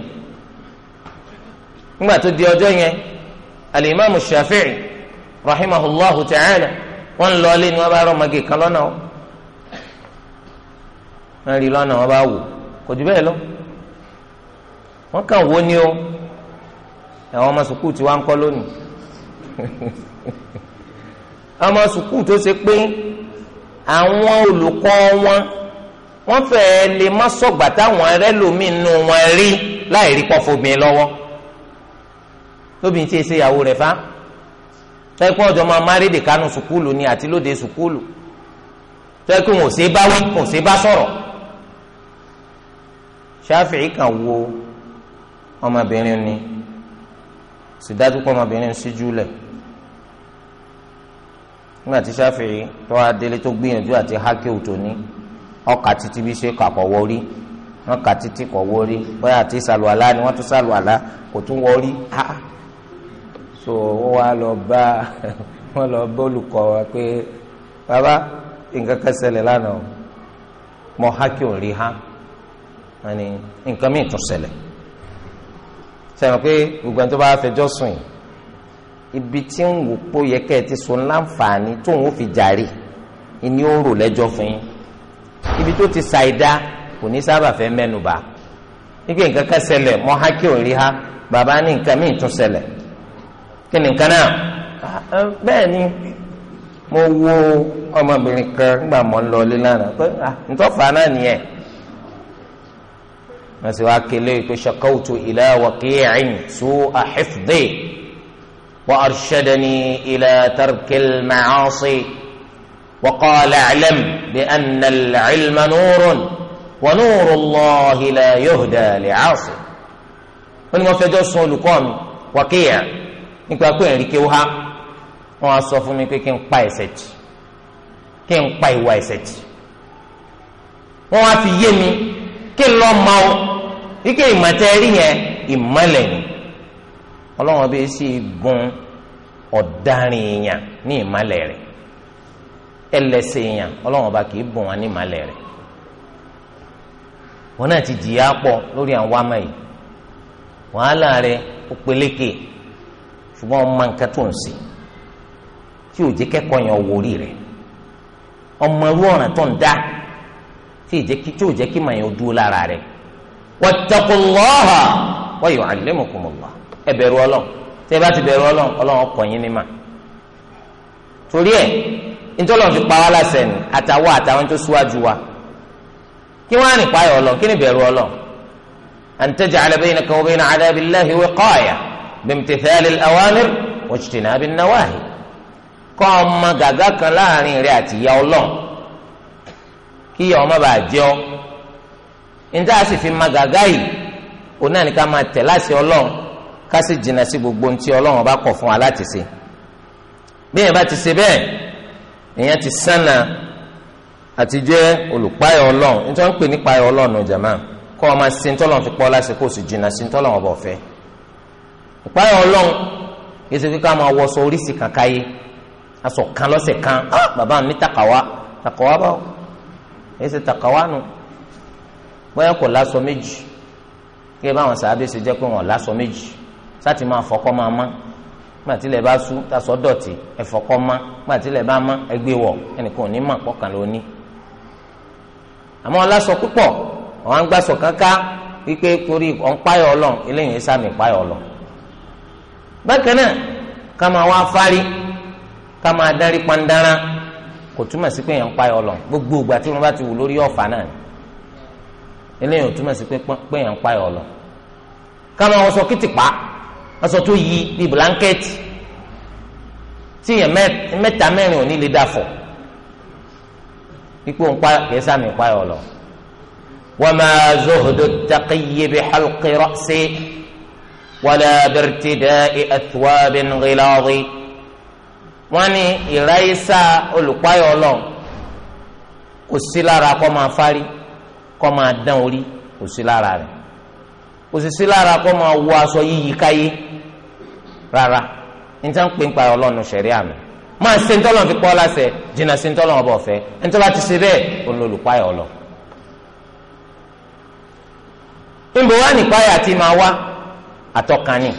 S1: ńgbà tó di ọjọ́ yẹn alimami shafi'i rahimahullahu ta'ala wọ́n ń ni wọ́n bá rọ kan lọ́nà o wọ́n rí lọ́nà bá wò kò jù wọ́n kàn wó ni o àwọn ọmọ sùkúù tí wọ́n ń kọ́ lónìí ọmọ sùkúù tó ṣe pé àwọn olùkọ́ wọn wọ́n fẹ́ẹ́ lè má sọ̀gbà táwọn ẹlẹ́lòmíì nù wọn rí láì rí pọ́fọ́mi lọ́wọ́ tóbi tí e ṣe ìyàwó rẹ̀ fa tẹ́kùn ọjọ́ máa má rédè kánú sùkúlù ni àti lóde sùkúlù tẹ́kùn ò ṣe bá wí kò ṣe bá sọ̀rọ̀ ṣáfìrí kan wo ọmọbìnrin ni sì dájú ọmọbìnrin sí júlẹ̀ nígbà tí sáfìrí tó wá délé tó gbìyànjú àti ní ọkà títí bí ṣe kàkọ́ wọrí wọn títí kọ̀ wọrí bóyá àti sàlù àlá ni wọ́n tún sàlù àlá kò tún wọrí ha so wá lọ bá lọ pé bàbá nǹkan kan mọ ha nǹkan mìíràn tún sẹ́wọ̀n pé gbogbo ẹni tó bá fẹjọ́ sùn yìí ibi tí ń wò pó yẹ kẹ́ ẹ ti so láǹfààní tóun ó fi jàre ni ó rò lẹ́jọ́ fún yín ibi tó ti ṣàìdá kò ní sábà fẹ́ mẹ́nu bà nígbà nǹkan kan ṣẹlẹ̀ mọ́ hákì ò rí ha bàbá ní nǹkan míì tún ṣẹlẹ̀ kí ni nǹkan náà bẹ́ẹ̀ ni mo wo ọmọbìnrin kan nígbà mọ́ ń lọ ilé lánàá pé ntọ́fà náà nìyẹn wọ́n sì wá kele pé shakawtu ila waqi'in su'a hifdhi wa arshadani ila tarkil ma'asi wa qala a'lam bi anna al-'ilma nurun wa nuru Allahi la yuhda li'asi wọ́n ní wọ́n fẹjọ́ sùn olùkọ́ mi Waqi'a nípa pé ẹ̀ríkẹ́ wá wọ́n á sọ fún mi pé kí n pa ẹ̀ṣẹ̀ jì kí n pa ìwà ẹ̀ṣẹ̀ jì wọ́n á fi yé mi.
S2: kí lọ ma o
S1: wíkẹ́ ìmọ̀tẹ́rì yẹn ìmọ̀lẹ̀ ni ọlọ́run bẹ́ẹ̀ sì gun ọ̀daràn èèyàn ní ìmọ̀lẹ̀ rẹ̀ ẹlẹ́sẹ̀ èèyàn ọlọ́run ọba kì í bùn wọn ní ìmọ̀lẹ̀ rẹ̀ wọn náà ti jìyà pọ̀ lórí àwọn wàmà yìí wàhálà rẹ̀ ó peléke ṣùgbọ́n tó ń tí ì jẹ́ kí tí ò jẹ́ kí màá yẹn dúró lára rẹ̀ wattaqullaha wa yu'allimukumullah ẹ bẹ̀rù ọlọ́run tẹ́ ẹ bá ti bẹ̀rù ọlọ́run ọlọ́run kọ́ yín ní mà torí ẹ̀ ntọ́lọ́run ti pa wá láṣẹ ni àtàwọ̀ àtàwọn tó síwájú wa kí wọ́n á nìpa ayọ̀ ọlọ́run kí ni bẹ̀rù ọlọ́run an taj'ala kí ìyá ọmọ bàá jẹ ọ níta a sì fi ma gàgá yìí òun náà ní ká máa tẹ̀ láti ọlọ́run ká sì jìnnà sí gbogbo ohun tí ọlọ́run bá kọ̀ fún wa láti ṣe bí èèyàn bá ti ṣe bẹ́ẹ̀ èèyàn ti sànà àti jẹ́ olùpáyọ̀ ọlọ́run nítorí wọ́n ń pè ní páyọ̀ ọlọ́run ọjà máa kọ́ ọ máa ṣe ń fi pọ́ láti kó o sì jìnnà sí ń ọba ọ̀fẹ́ ìpáyọ̀ ọlọ́run yìí ṣe kíkọ́ máa wọṣọ oríṣi kankan aṣọ kan lọ́sẹ̀ kan ah, bàbá mi tàkàwá tàkàwá báwo èsì takawánu bóyá kò lásọ méjì kí ẹ báwọn sàábé ṣe jẹ́ pé wọn lásọ méjì sátì máa fọkọ́ máa má gbàtílẹ̀ bá sú tasọ dọ̀tí ẹ̀fọ́kọ́ má gbàtílẹ̀ bá má ẹgbẹ́ wọ̀ ẹnìkan ò ní mà pọ̀ kan ló ní. àmọ́ ọlásọ púpọ̀ àwọn agbásọ kankan wípé torí ọ̀npáyọ̀ ọlọ́run eléyìí sàmì páyọ̀ ọlọ́run. bákan náà ká máa wá fárí ká máa dárí pandára kò túmọ̀ sí pé èèyàn ń payọ̀ lọ gbogbo ìgbà tí wọ́n bá ti wù lórí ọ̀fà náà eléyìí ò túmọ̀ sí pé èèyàn ń payọ̀ lọ. káwọn àwọn sọ kìtìpá wọ́n sọ tó yí bíi blanket tí èèyàn mẹ́ta mẹ́rin ò ní lè dà fọ̀ ipò ń pa kẹsà mi payọ̀ lọ. wa ma zuhdu at-taqiyyi bi halqi ra'si wala bi irtida'i athwabin ghiladi wọ́n ní ìráyésá olùpáyọ̀ ọlọ́run kò sí lára kó máa fárí kó máa dán orí kò sí lára rẹ̀ kò sì sí lára kó máa wọ aṣọ yíyí káyé rárá níta ń pè ń pa ọlọ́run ṣẹ̀rí àmì máa ṣe ntọ́lọ́n fi pọ́ láṣẹ jìnnà sí ntọ́lọ́n ọba ọ̀fẹ́ ntọ́ba ti ṣe bẹ́ẹ̀ olùpáyọ̀ ọlọ́ níbo wá nípáyà tí máa wá àtọ́kànnì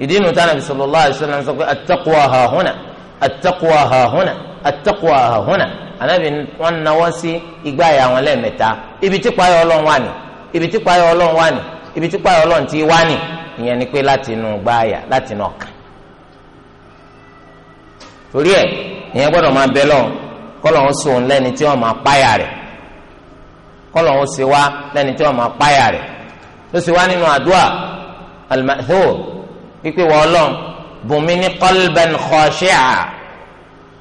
S1: ìdí nu tánà bisalòlá àìsàn sọ pé at-taqwa ha huna at-taqwa ha huna at-taqwa ha huna anabi wọn nawọ́ sí igbá ya wọn lẹ́ẹ̀mẹ́ta ibi tí payọ Ọlọ́run wà ní ibi tí payọ Ọlọ́run wà ní ibi tí payọ Ọlọ́run ti wà ní ìyẹn ni pé láti inú gbáàyà láti inú ọkàn torí ẹ ìyẹn gbọ́dọ̀ máa bẹ lọ kọlọ ń sùn lẹ́ni tí wọn máa páyà rẹ̀ kọlọ ń sì wá tí wọn máa wípé wọ́n lọ́n bùnmi ní qalban khashi'a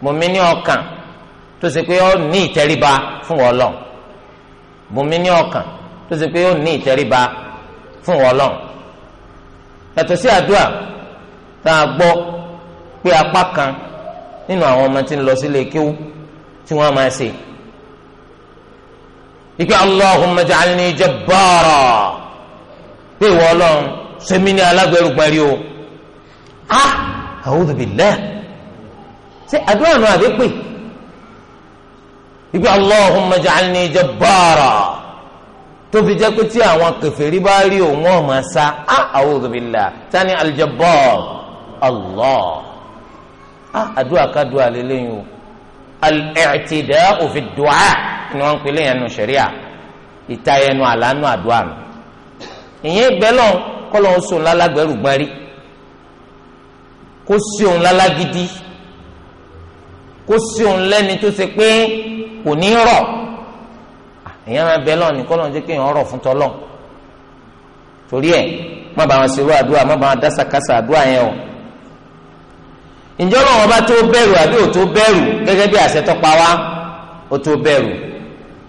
S1: bùnmi ní ọkàn tó ṣe pé ó ní ìtẹríba fún wọ́n lọ́n bùnmi ní ọkàn tó ṣe pé ó ní ìtẹríba fún wọ́n lọ́n yàtọ̀ sí àdúrà tá a gbọ́ pé apá kan nínú àwọn ọmọ tí ń lọ sílé kéwú tí wọ́n máa ṣe wípé allahumma ja'alni jabbara pé wọ́n lọ́n sẹ́mi ní alágbẹ̀rù parí o a a'udhu billah ṣé àdúrà náà àbí pè ibi allahumma ja'alni jabbara tó fi jẹ́ pé tí àwọn kèfèrí bá rí òun ọ̀ máa sa a a'udhu billah tani aljabbar allah a àdúrà kádùá lélẹ́yìn o al-i'tida'u fi ni wọ́n ń pè léyìn ẹnu sẹ̀ríà ìtayẹnu àlánú àdúrà ìyẹn bẹ́ẹ̀ kọlọ ń sùn lálágbẹrù gbárí kó sí òun lálágídí kó sí òun lẹ́ni tó ṣe pé kò ní rọ̀ èèyàn máa bẹ lọ́ọ̀ni kọlọ ń jẹ́ kéèyàn rọ̀ fún tọ́lọ̀ torí ẹ̀ má bàa wọn ṣerú àdúrà má bàa wọn dásàkásà àdúrà yẹn o ǹjẹ́ ọlọ́run ọba tó bẹ̀rù àbí ò tó bẹ̀rù gẹ́gẹ́ bí àṣẹ tọ́pa wa ó tó bẹ̀rù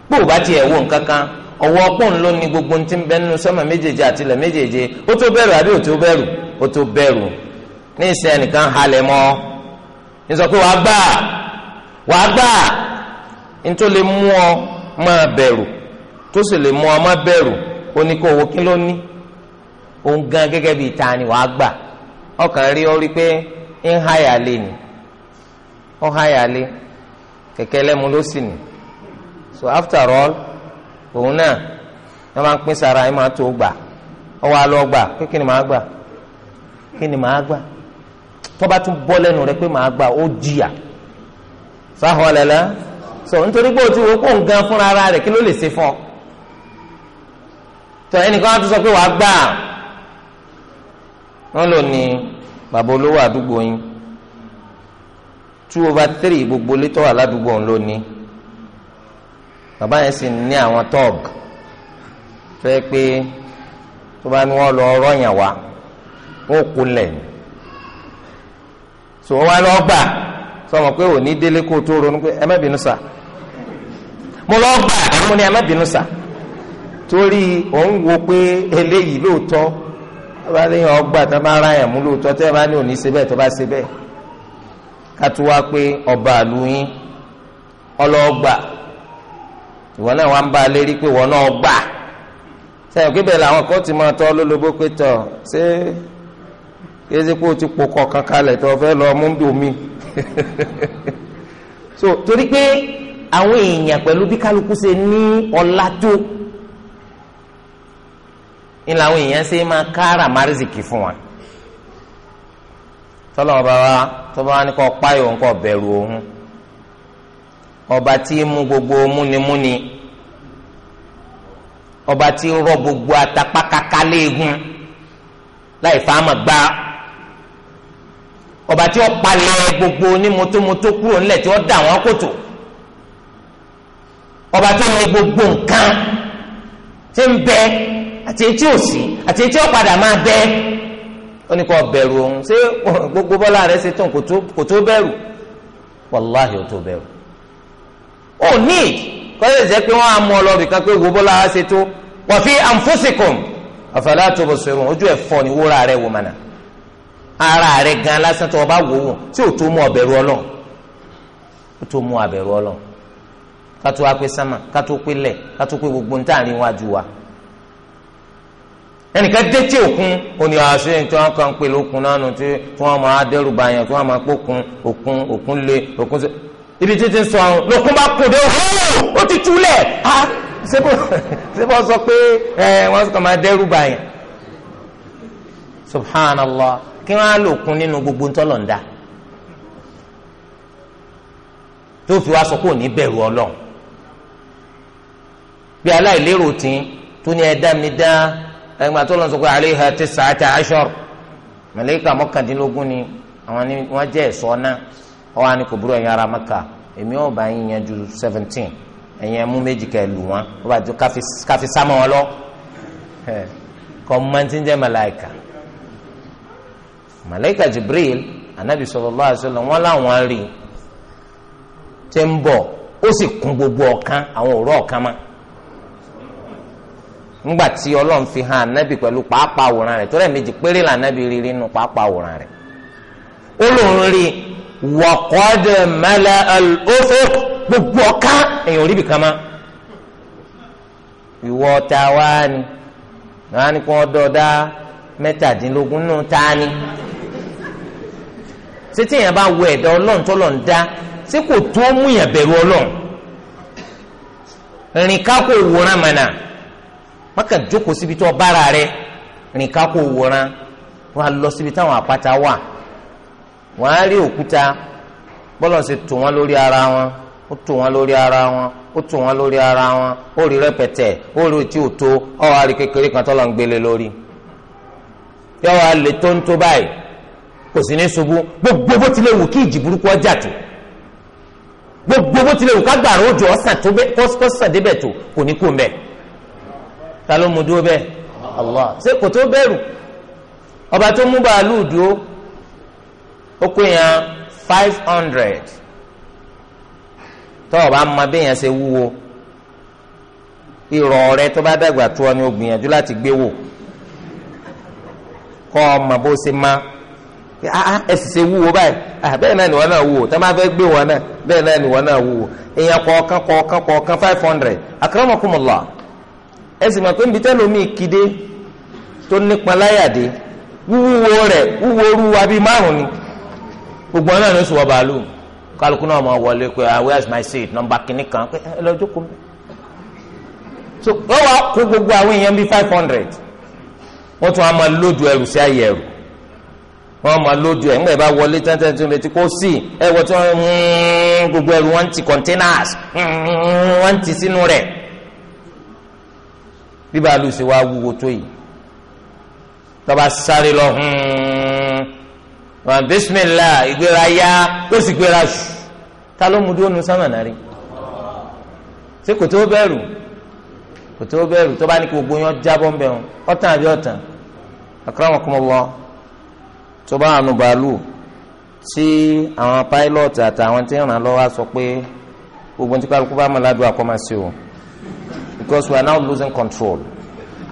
S1: pé ò bá tiẹ̀ wo nǹkan kan ọwọ́ ọpọ́n ló ní gbogbo tí ń bẹ nínú sọ́mà méjèèjì àti ilẹ̀ méjèèjì ó tó bẹ̀rù àbí ó tó bẹ̀rù ó tó bẹ̀rù ní ìsìn ẹnìkan halẹ̀ mọ́ ní sọ pé wàá gbà wàá gbà nítorí lè mú ọ máa bẹ̀rù tó sì lè mú ọ máa bẹ̀rù ó ní kó owó kí ló ní òun gan gẹ́gẹ́ bíi ta ni wàá gbà ọ rí pé ń háyà lé ni ó háyà lé kẹ̀kẹ́ so after all. òun náà ẹ máa ń pín sara ẹ máa tó gbà ọwọ́ alọ gbà pé kí ni màá gbà kí ni màá gbà tọ́ba tún bọ́ lẹ́nu rẹ pé màá gbà ó jìyà so nítorí pé o ti wo gan fúnra ara rẹ kí ló lè ṣe fún ọ tọ ẹnìkan á tún sọ pé wàá gbà wọn lò ní bàbá olówó àdúgbò yín two over gbogbo létọ́ àládùúgbò ní bàbá yẹn sì ní àwọn tọ́ọ̀g tó yẹ pé tó bá ní wọ́n lọ ọ̀rọ̀ yẹn wá wọ́n kú lẹ̀ ní. sọ wá lọ gbà sọmọ pé òní délé kó tó ronú pé ẹ má bínú sà mo lọ gbà àwọn ni ẹ má bínú sà torí òun wo pé eléyìí lóòótọ́ bá léyìn ọgbà tó bá ra yẹn mú lóòótọ́ tẹ́ ẹ bá ní òní ṣe bẹ́ẹ̀ tó bá ṣe bẹ́ẹ̀ ká tó wá pé ọba àlùyìn ọlọ́ọ̀gbà ìwọ náà wà ń bá a lérí pé ìwọ náà gbà sẹ́yìn kíbẹ̀ làwọn kan ti máa tọ́ lólobó pé tọ̀ ṣé ti pokọ tó lọ mú domi so torí pé àwọn èèyàn pẹ̀lú bí kálukú ṣe ní ọlá tó
S2: ni làwọn èèyàn ṣe máa
S1: kára márìsìkì fún wa tọ́lọ́mọba wa tọ́ba wa ní ọba tí mú gbogbo múnimúni ọba tí rọ gbogbo atapákaka léegun láì fáàmà gbá ọba tí ó palẹ̀ gbogbo onímọtómọtó kúrò nílẹ̀ tí ó dà wọ́n kòtò ọba tó ní gbogbo nǹkan tí ń bẹ àti etí òsì àti etí ọ̀padà máa bẹ ó ní kó bẹ̀rù òun ṣé gbogbo bọ́lá rẹ̀ ṣe tán kò tó bẹ̀rù wàláhì ó tó bẹ̀rù ó ní kọ́lé jẹ́ pé wọ́n á mú ọ lọ bìkan pé wo bọ́lá ṣe tó wà fi àǹfóṣìkùn àfàlà tó ojú ẹ̀ ni wúrà rẹ̀ wò mọ̀nà ara rẹ̀ gan lásán tó o bá wò wò tí o tó mú ọbẹ̀rù ọlọ́run o tó mú abẹ̀rù ọlọ́run ká tó wá pé sámà ká tó pé lẹ̀ ká tó pé gbogbo nta àárín wájú wa ẹnìkan dé tí òkun òní àṣẹ ah, tí wọn kàn ń pè lókun náà nù tí wọn máa dẹrù bàyàn tí wọn máa pókun òkun òkun lé òkun ibi títí sọ àwọn lókun bá kún dé ó ti túlẹ̀ ha sebo sọ pé ẹ wọn kàn máa dẹ́rù báyìí subhanallah kí wọn á lò kún nínú gbogbo ntọ́lọ̀ ń dá tó fi wá sọ pé òní bẹ̀rù ọlọ́run bí aláìlérò tí tó ní ẹ̀dá mi dá ẹgbẹ́ tó lọ́n sọ pé alayha tis'ata ashar màláíkà mọ́kàndínlógún ni àwọn ni wọ́n jẹ́ ẹ̀ṣọ́ náà ọwọ́ àni kò burú ẹ̀yin ara maka èmi ò bá yín yanjú seventeen ẹ̀yin ẹ̀mú méjì kẹ́ ẹ̀ lù wọ́n ó bá káfí wọn lọ Jibril anabi sallallahu wọn làwọn rí ń gbogbo ọkan àwọn òró ọ̀kan fi hàn pàápàá tó méjì péré wọ̀kọ́dẹ̀ mẹ́lẹ̀ ọ̀fẹ́ gbogbo ọ̀ká èèyàn orí bìkan ma. ìwọ ta wá ni wọ́n á ní kí wọ́n dọ̀dá mẹ́tàdínlógún nù ta ni. títí èèyàn bá wọ ẹ̀dá ọlọ́run tó lọ́n dá tí kò tó mú yàn bẹ̀rù ọlọ́run. rìn ká wòran mọ̀nà mọ́kà jókòó síbi tó bára rẹ̀ rìn ká wòran wọ́n á lọ síbi táwọn àpáta wà. wọ́n á rí òkúta ara wọn ó tò lórí ara wọn ó tò ara wọn ó rí rẹpẹtẹ ó rí tí o to ọ wá rí kékeré kan tó lọ ń gbélé lórí yọ wá lè tó kò sí ní gbogbo bó tilẹ̀ wù kí ìjì gbogbo bó tilẹ̀ wù ká gbàrà ó jọ tó mu dúró bẹ́ẹ̀ ṣé kò tó ọba ó pé yẹn five hundred tó o bá mọ bí yẹn ṣe wúwo ìrọ̀ rẹ tó bá dàgbà tó ọ ni o gbìyànjú láti ọ mọ bó ṣe má ah, ah, ẹ sì ṣe wúwo báyìí ah, bẹ́ẹ̀ náà ni wọ́n náà wúwo bá fẹ́ gbé wọn náà bẹ́ẹ̀ náà ni wọ́n náà wúwo èèyàn kọ̀ọ̀kan kọ̀ọ̀kan kọ̀ọ̀kan five hundred ẹ sì mọ̀ pé tẹ́lómi kìdé tó nípa láyàdé wúwo rẹ̀ wúwo bíi márùn-ún ni. gbogbo náà ló sì wọ bàálù kálukú náà máa wọlé pé ah where is my seat nọ́mbà kìíní kan pé ẹ eh, lọ jókòó mi so wọ́n wá kó gbogbo àwọn èèyàn bíi five hundred wọ́n tún wá máa lójú ẹrù sí ayé ẹrù wọ́n máa lójú ẹ̀ ń bẹ̀ bá wọlé tẹ́tẹ́ tún létí kó sì ẹ wọ́n tún hmm, gbogbo ẹrù wọ́n ti containers hmm, wọ́n ti sínú rẹ̀ bí bàálù ṣe wá wúwo tó yìí tọ́ba sáré lọ hùn. Hmm, wọn bisimilah ìgbéra ya ó sì gbéra sù ta ló mu dúró nu sámànà rí ṣé kò tó bẹ̀rù kò tó bẹ̀rù tó bá ní kí gbogbo yẹn jábọ́ wọn ọ̀tàn àbí ọ̀tàn akramakumullah tó bá àánú bàálù tí àwọn pilot àtàwọn tí ń ràn lọ́wọ́ sọ pé gbogbo tí kálukú bá mọ̀ ládùú àkọ́mọ́sí o because we are now losing control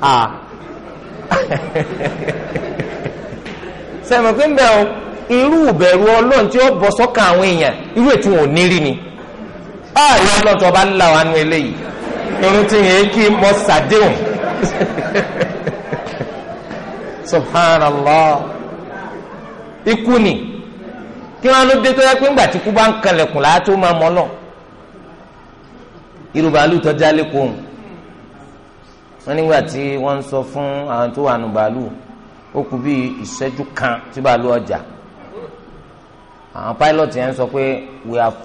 S1: ah sẹ́mi pé ń bẹ̀ ọ́ irú ìbẹ̀rù ọlọ́run tí ó bọ̀ sọ́kà àwọn èèyàn irú ètò wọn ò ní rí ni báàrí ọlọ́run tó bá ń là wánú eléyìí irun tí yẹn kí mọ sàdéhùn subhanallah ikú ni kí wọn ló dé tó yẹ pé ńgbà tí ikú bá ń kanlẹ̀kùn láà tó máa mọ́ náà irúbàálù tó jálẹ̀ kóhùn wọn nígbà tí wọ́n ń sọ fún àwọn tó wà nù bàálù ó kù bí ìṣẹ́jú kan tí bàálù ọjà àwọn pilot yẹn sọ pé we have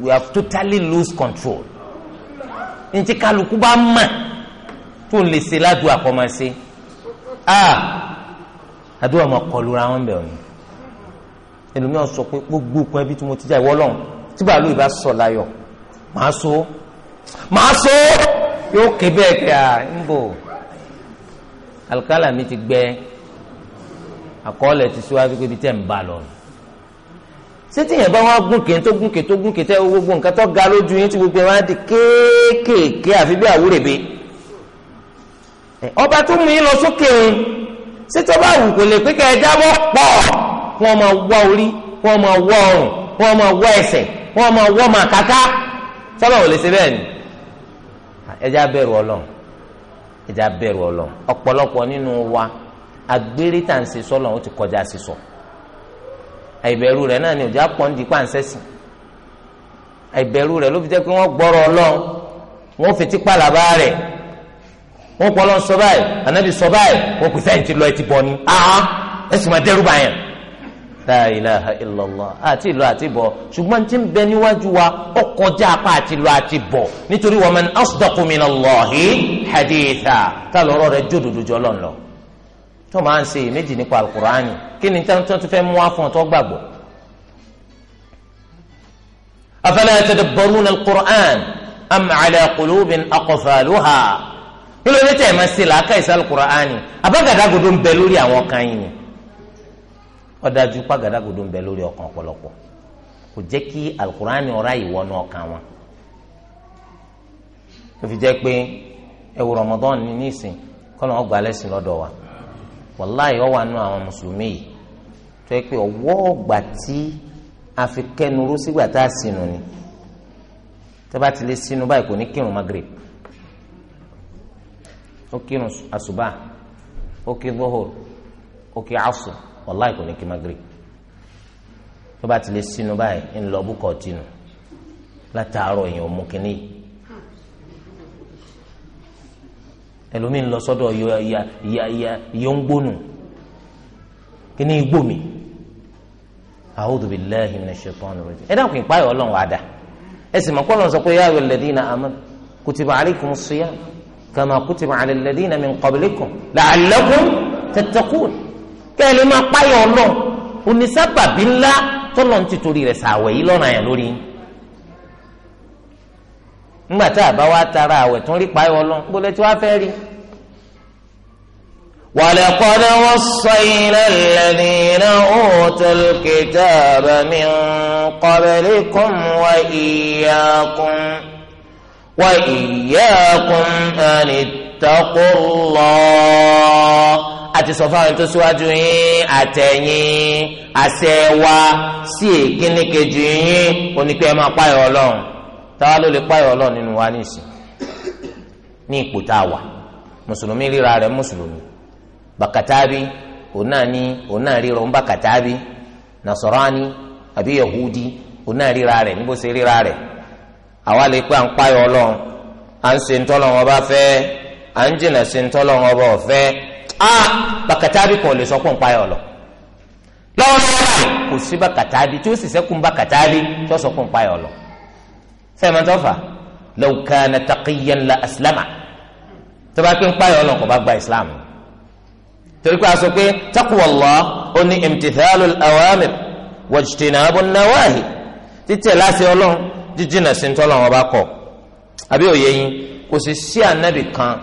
S1: we have totally lose control ntí kálukú bá mọ̀ tó lè ṣe ládùú àkọ́mọ́sí ah àdúrà ọmọ kọlu ra wọn bẹ̀rù ni ẹlòmíràn sọ pé gbogbo okun ẹbí tí mo ti já ìwọ lọ́hùn tí bàálù ìbá sọ láyọ̀ màá so màá so yóò ké bẹ́ẹ̀ kí a ń bò alukálà ti gbẹ àkọọ́lẹ̀ ti síwájú pé ibi tẹ́ ń bá lọ sétí yẹn bá wọn gúnkè gbogbo nǹkan tó ga lójú yín tí gbogbo di kéékèèké àfi bí ọba tó mú yín lọ sókè sétí ọba àwù kò wá orí máa wá ọrùn máa wá máa wá lè ṣe ni nínú agbèrè tà ń ṣe sọlọ ó ti kọjá sísọ àìbẹ̀rù rẹ̀ náà ni òjò àpọ̀ǹdì pàǹsẹ̀ sí àìbẹ̀rù rẹ̀ ló fi jẹ́ pé wọ́n gbọ́rọ̀ ọlọ́run wọ́n fetí pàlàbà rẹ̀ wọ́n pọ̀ lọ́n sọ báyìí ànábì sọ báyìí wọ́n pèsè àyè ti lọ ẹtì bọ̀ ni ahán ẹ̀sùn máa dẹ́rù báyẹn. la ilaha illallah àti ìlọ àti bọ̀ ṣùgbọ́n tí ń bẹ níwájú wa ó kọjá apá àti ìlọ àti bọ̀ nítorí wa man asdaqu minallahi haditha tá lọ́rọ̀ rẹ̀ jódodo jọlọ́ọ̀ lọ́ọ́ tó máa ń ṣe èméjì nípa alukur'ani kí ni tó tó fẹ́ mú wá fún ọ tó gbàgbọ́. afala yatadabbaruna alukur'an am ala qulubin aqfaluha kí ló dé tẹ̀ máa ṣe làákà ìsá alukur'ani abágàdàgodo ń bẹ lórí àwọn kan yìí ó dájú pàgàdàgodo ń bẹ lórí ọkàn ọ̀pọ̀lọpọ̀ kò jẹ́ kí alukur'ani ọ̀rá ìwọ́nú ọkàn wọn tó fi jẹ́ pé ẹ̀wù Ramadan ní nísìn kọ́nà wàláyé ọ wà nù àwọn mùsùlùmí yìí tó yẹ pé ọwọ́ ọgbà tí a fi kẹnuró sígbà tá a sínú ni tó bá ti lè sínú báyìí kò ní kírun magrib ó kírun àsùbà ó kí zuhur ó kí asr wàláyé kò ní kí magrib tó bá ti lè sínú báyìí ńlọ bukọ̀ tinu látàárọ̀ èèyàn mú kínní yìí. ẹlòmíì ń lọ sọ́dọ̀ yọngbónù kí ni igbó mi a'udhu billahi minash shaitanir rajim ẹ dákun ìpáyọ̀ ọlọ́run wà dà ẹ sì mọ̀ kọ́ lọ́n sọ pé ya ayyuhal ladhina amanu kutiba alaykumus siyam kama kutiba alal ladhina min qablikum la'allakum tattaqun kẹ́ ẹ lè máa páyọ̀ ọlọ́run onísábàbí ńlá tọ́lọ́ ti torí rẹ̀ sàwẹ̀ yìí lọ́ràn yẹn lórí yín ńgbà tá a bá wá tara àwẹ̀ tó ń rí payọ́ lọ ń gbọ́dọ̀ tí wàá fẹ́ rí. ولقد وصينا الذين أوتوا الكتاب من قبلكم وإياكم وإياكم أن اتقوا الله àti sọ fún àwọn tó síwájú yín àtẹ̀yìn àṣẹ wa sí èkínní kejì yín oníkẹ́ máa pààyàn ọlọ́run táwa ló lè páyọ̀ ọlọ́run nínú wa nísìn ní ipò tá a wà mùsùlùmí ríra rẹ̀ mùsùlùmí bàkàtàbí òun náà ní òun náà ríra òun bàkàtàbí nasọ̀rání àbí yahudi òun náà ríra rẹ̀ níbo ṣe ríra rẹ̀ àwa lè pé à ń páyọ̀ ọlọ́run à ń ṣe ntọ́lọ́ wọn bá fẹ́ à ń jìnà ṣe ntọ́lọ́ wọn bá ọ̀fẹ́ a bàkàtàbí kan lè sọ pé ń páyọ̀ ọlọ́run lọ́wọ́lọ́wọ́ kò sí bàkàtàbí tí ó sì sẹ́kùn bàkàtàbí tí ó sọ pé ń sẹ́yìn máa tọ́fà law kana taqiyyan la aslama tó bá pín páyọ̀ náà kò bá gba islam torí pé a sọ pé taqwallah ó ní imtithalul awamir wajtinabun nawahi títẹ̀ láti ọlọ́run jíjìnà sí tọ́lọ́ wọn bá kọ̀ àbí òye yín kò sì sí ànábì kan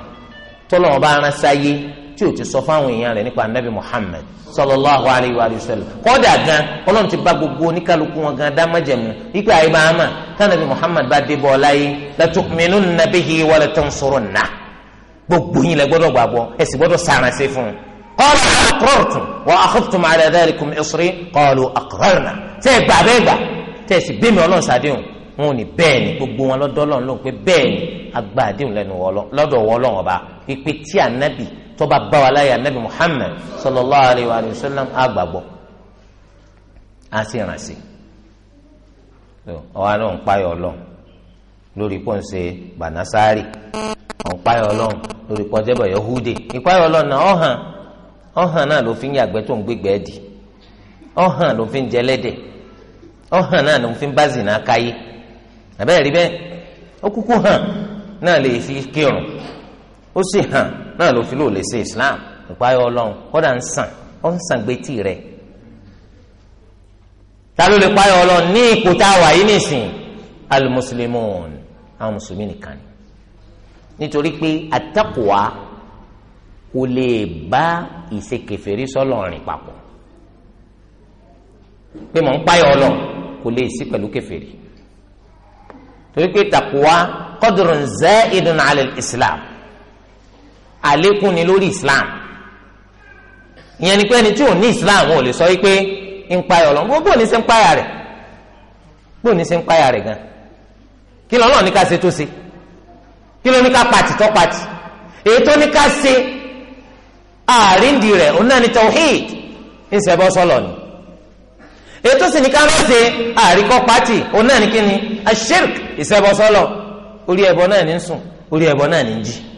S1: tọ́lọ́ wọn bá rán sáyé tí o ti sọ fáwọn èèyàn rẹ̀ nípa anabi muhammed sallallahu alayhi wa sallam kọ́dà gan ọlọ́run ti bá gbogbo oníkálukú wọn gan dá májẹ̀mú ipe àyè máa mà kánàbí muhammed bá dé bọ́ láyé latu'minunna bihi wa latansurunna gbogbo yín lẹ gbọ́dọ̀ gbàgbọ́ ẹ sì gbọ́dọ̀ gbà bẹ́ẹ̀ ẹ sì bí mi ọlọ́run sàdéhùn wọn ò ní bẹ́ẹ̀ ni gbogbo wọn lọ́dọ̀ ọlọ́run ló ń pẹ́ tọba báwa láyà nabi muhammed sallallahu alayhi wa sallam àgbàgbọ́ á sì ràn sí ọwọ́ lórí pọ́ ń ṣe bànásárì ọ̀n payọ̀ ọlọ́run náà ló fi ń yàgbẹ́ tó ń gbégbẹ́ dì ọ̀hàn ló fi ń jẹlẹ́dẹ̀ na náà ló fi ń ó sì hàn náà ló fi lò lè ṣe islam ìpáyọ Ọlọ́run kódà ń sàn ó ń sàn gbétì rẹ ta ló lè páyọ Ọlọ́run ní ipò tá a wà yìí nìsín alimusilimun àwọn mùsùlùmí nìkan ni nítorí pé àtàkùwà kò lè bá ìṣekèfèrí sọlọrin papọ̀ pé mò ń páyọ Ọlọ́run kò lè sí pẹ̀lú kèfèrí torí pé tàkùwà qadrun zaidun ala al-islam àlékún ni lórí islam ìyẹn ni pé ẹni tí ò ní islam ò lè sọ yìí pé ń payà ọlọ́run gbogbo ní ṣe ń payà rẹ̀ gbogbo ní ṣe ń payà rẹ̀ gan kí lọ́nà ní ká ṣe tó ṣe kí ló ní ká pàtì tó pàtì èyí tó ní ká ṣe àríndì rẹ̀ òun ni tawhid ń ṣẹbọ sọlọ ni èyí tó sì ní ká lọ́ọ́ ṣe àríkọ́ pàtì òun náà ni kí ni ashirk ìṣẹbọ sọlọ orí ẹbọ náà ní sùn orí ẹbọ náà ní jí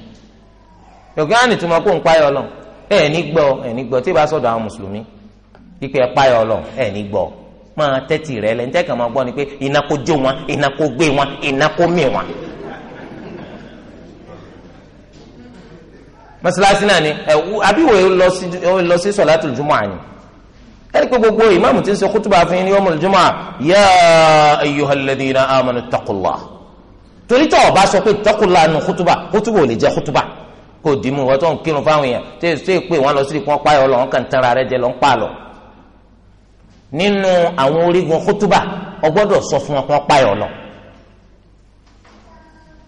S1: yọ̀gá àná tó máa kó ń páyọ̀ lọ ẹ̀ ní gbọ́ ẹ̀ ní gbọ́ tí ì bá sọ̀dọ̀ àwọn mùsùlùmí pípẹ́ ẹ̀ páyọ̀ lọ ẹ̀ ní gbọ́ máa tẹ́tì rẹ lẹ́ni tẹ́kàn máa gbọ́ ni pé iná kó jó wọn iná kó gbé wọn iná kó mì wọn. mọ́sálásí náà ni àbíwò lọ sí sọ̀látùl jumu'ah àní ẹni pé gbogbo ìmáàmù tí ń sọ kútùbà fún yín ní yawmul jumu'ah ya ayyuhal ladhina amanu taqullah torí tó o bá sọ pé taqullah nù kútùbà kútùbà ò lè jẹ́ kútùbà kó o dìímú wọn tó ń kírun fáwọn èèyàn tó èso èpè wọn lọ sí ìpọn páyọ lọ wọn kàn tanra rẹ jẹ lọ ń pààlọ nínú àwọn orígun kútúbà o gbọ́dọ̀ sọ fún wọn kàn páyọ lọ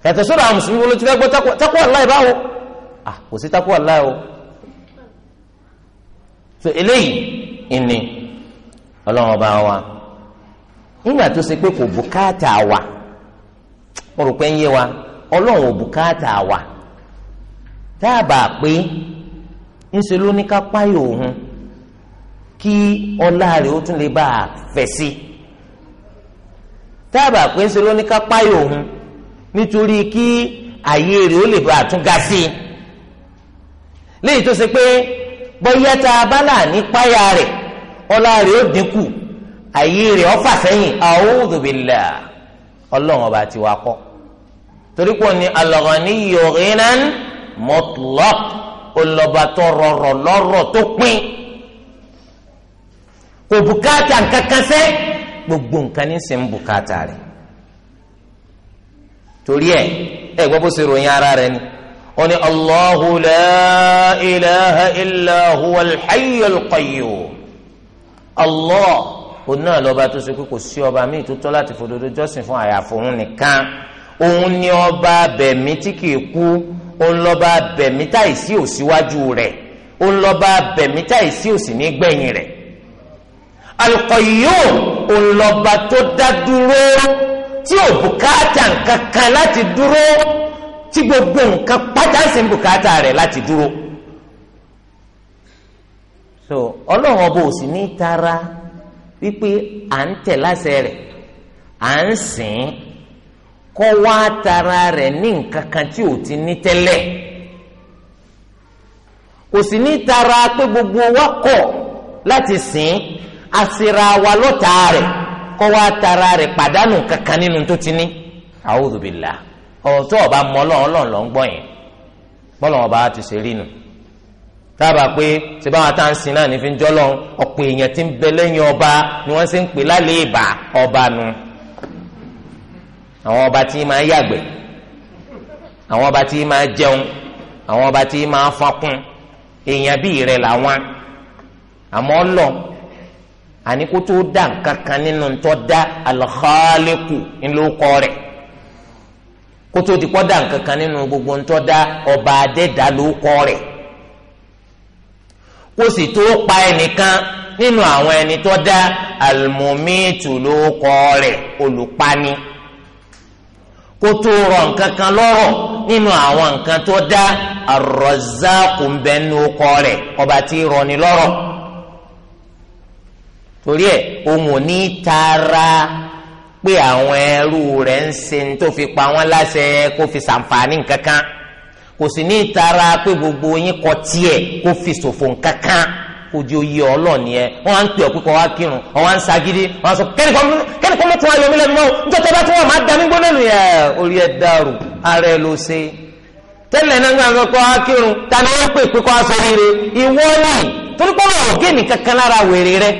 S1: yàtọ̀ sọ́dọ̀ àwọn mùsùlùmí wo ló ti fẹ́ gbọ́ takwa Allah báwo ah kò sí takwa Allah o so eléyìí ìní ọlọ́run ọba wa nígbà tó ṣe pé kò bùkátà wa mo rò pé ń yé wa ọlọ́run ò bùkátà wa tá a bá pé ńṣe ló ní ká páyò òun kí ọlá rẹ̀ ó tún lè bá a fẹ̀ sí tá a bá pé ńṣe ló ní ká páyò òun nítorí kí àyè rẹ̀ ó lè bá a tún ga sí i léyìí tó ṣe pé bóyá tá ní páyà rẹ̀ ọlá rẹ̀ ó dínkù àyè rẹ̀ ó fà sẹ́yìn a'udhu ọlọ́run ọba ti wá kọ́ torí pọ̀ ní al-ghaniyyu mutlaq olọba tó rọrọ lọ́rọ̀ tó pín kò bùkátà nǹkankan sẹ gbogbo nǹkan ní sìn bùkátà rẹ̀ torí ẹ ẹ gbọ́ bó ṣe ròyìn ara rẹ̀ ni wọ́n ní allahu la ilaha illa huwa alhayyul qayyum allah òun náà lọ́ba tó ṣe pé kò sí ọba míì tó tọ́ láti fòdodo jọ́sìn fún àyàfò nìkan òun ni ọba bẹ̀mí tí kìí kú òun lọ́ba bẹ̀mí táìsí òsíwájú rẹ̀ òun lọ́ba bẹ̀mí táìsí òsì ní gbẹ̀yìn rẹ̀ alqayyum òun lọ́ba tó dá dúró tí ò bùkátà nǹkan kan láti dúró tí gbogbo nǹkan pátá sì bùkátà rẹ̀ láti dúró so ọlọ́run ọba ò sì ní tara wípé à ń tẹ̀ láṣẹ rẹ̀ à ń sìn ín kọ́ tara rẹ̀ ní nkankan tí ò ti ní tẹ́lẹ̀ kò ní tara pé gbogbo wa kọ̀ láti sìn àsìrà wa lọ́ta rẹ̀ kọ́ wá tara rẹ̀ pàdánù kankan nínú tó ti ní. A'udhu ọ̀rọ̀ tó ọba mọ ń gbọ́ ti ṣe rí nu tábà pé ṣe tá à ń sin ọba ni wọ́n ṣe ń pè lálẹ́ ọba nu. àwọn ọba tí máa yàgbẹ́ àwọn ọba tí máa jẹun àwọn ọba tí máa fọkún èèyàn bíi rẹ̀ làwọn àmọ́ lọ àní kó tó dá nǹkan kan nínú tó dá alxaaleku ńlọkọ rẹ̀ kó tó ti kọ́ dá nǹkan kan nínú gbogbo ńtọ́ dá ọba adẹ́dá lọkọ rẹ̀ kó sì tó pa ẹnìkan nínú àwọn ẹni dá almumitu lọkọ rẹ̀ olùpani kó tó rọ nǹkan kan lọ́rọ̀ nínú àwọn nǹkan tó dá Ar-Razzaq bẹ́nu kọ rẹ̀ ọba tí rọ ni lọ́rọ̀ torí ẹ̀ òun ò ní tara pé àwọn ẹrú rẹ̀ ń ṣe tó fi pa wọ́n láṣẹ kó fi ṣàǹfààní nǹkan kan kò sì ní tara pé gbogbo yín kọ tiẹ̀ kó fi ṣòfò nǹkan kan ojú oyè ọlọ́ọ̀ni ẹ wọ́n á ń pè ọ́ pípọ̀ wá kírun ọ̀wá ń sagídí wọ́n á sọ kẹ́nìkan mọ́ tún wá yọmí lẹ́nu náà níjọ́ tó bá tún wọ́n máa da mí gbóná nìyà orí ẹ̀ dàrú ara ẹ̀ ló ṣe tẹ́lẹ̀ náà nígbà pípọ̀ wá kírun ta ni wọ́n pè pípọ̀ wá sọ rire ìwọ ni torí pé wọn ò gé nìkan kan lára wèrè rẹ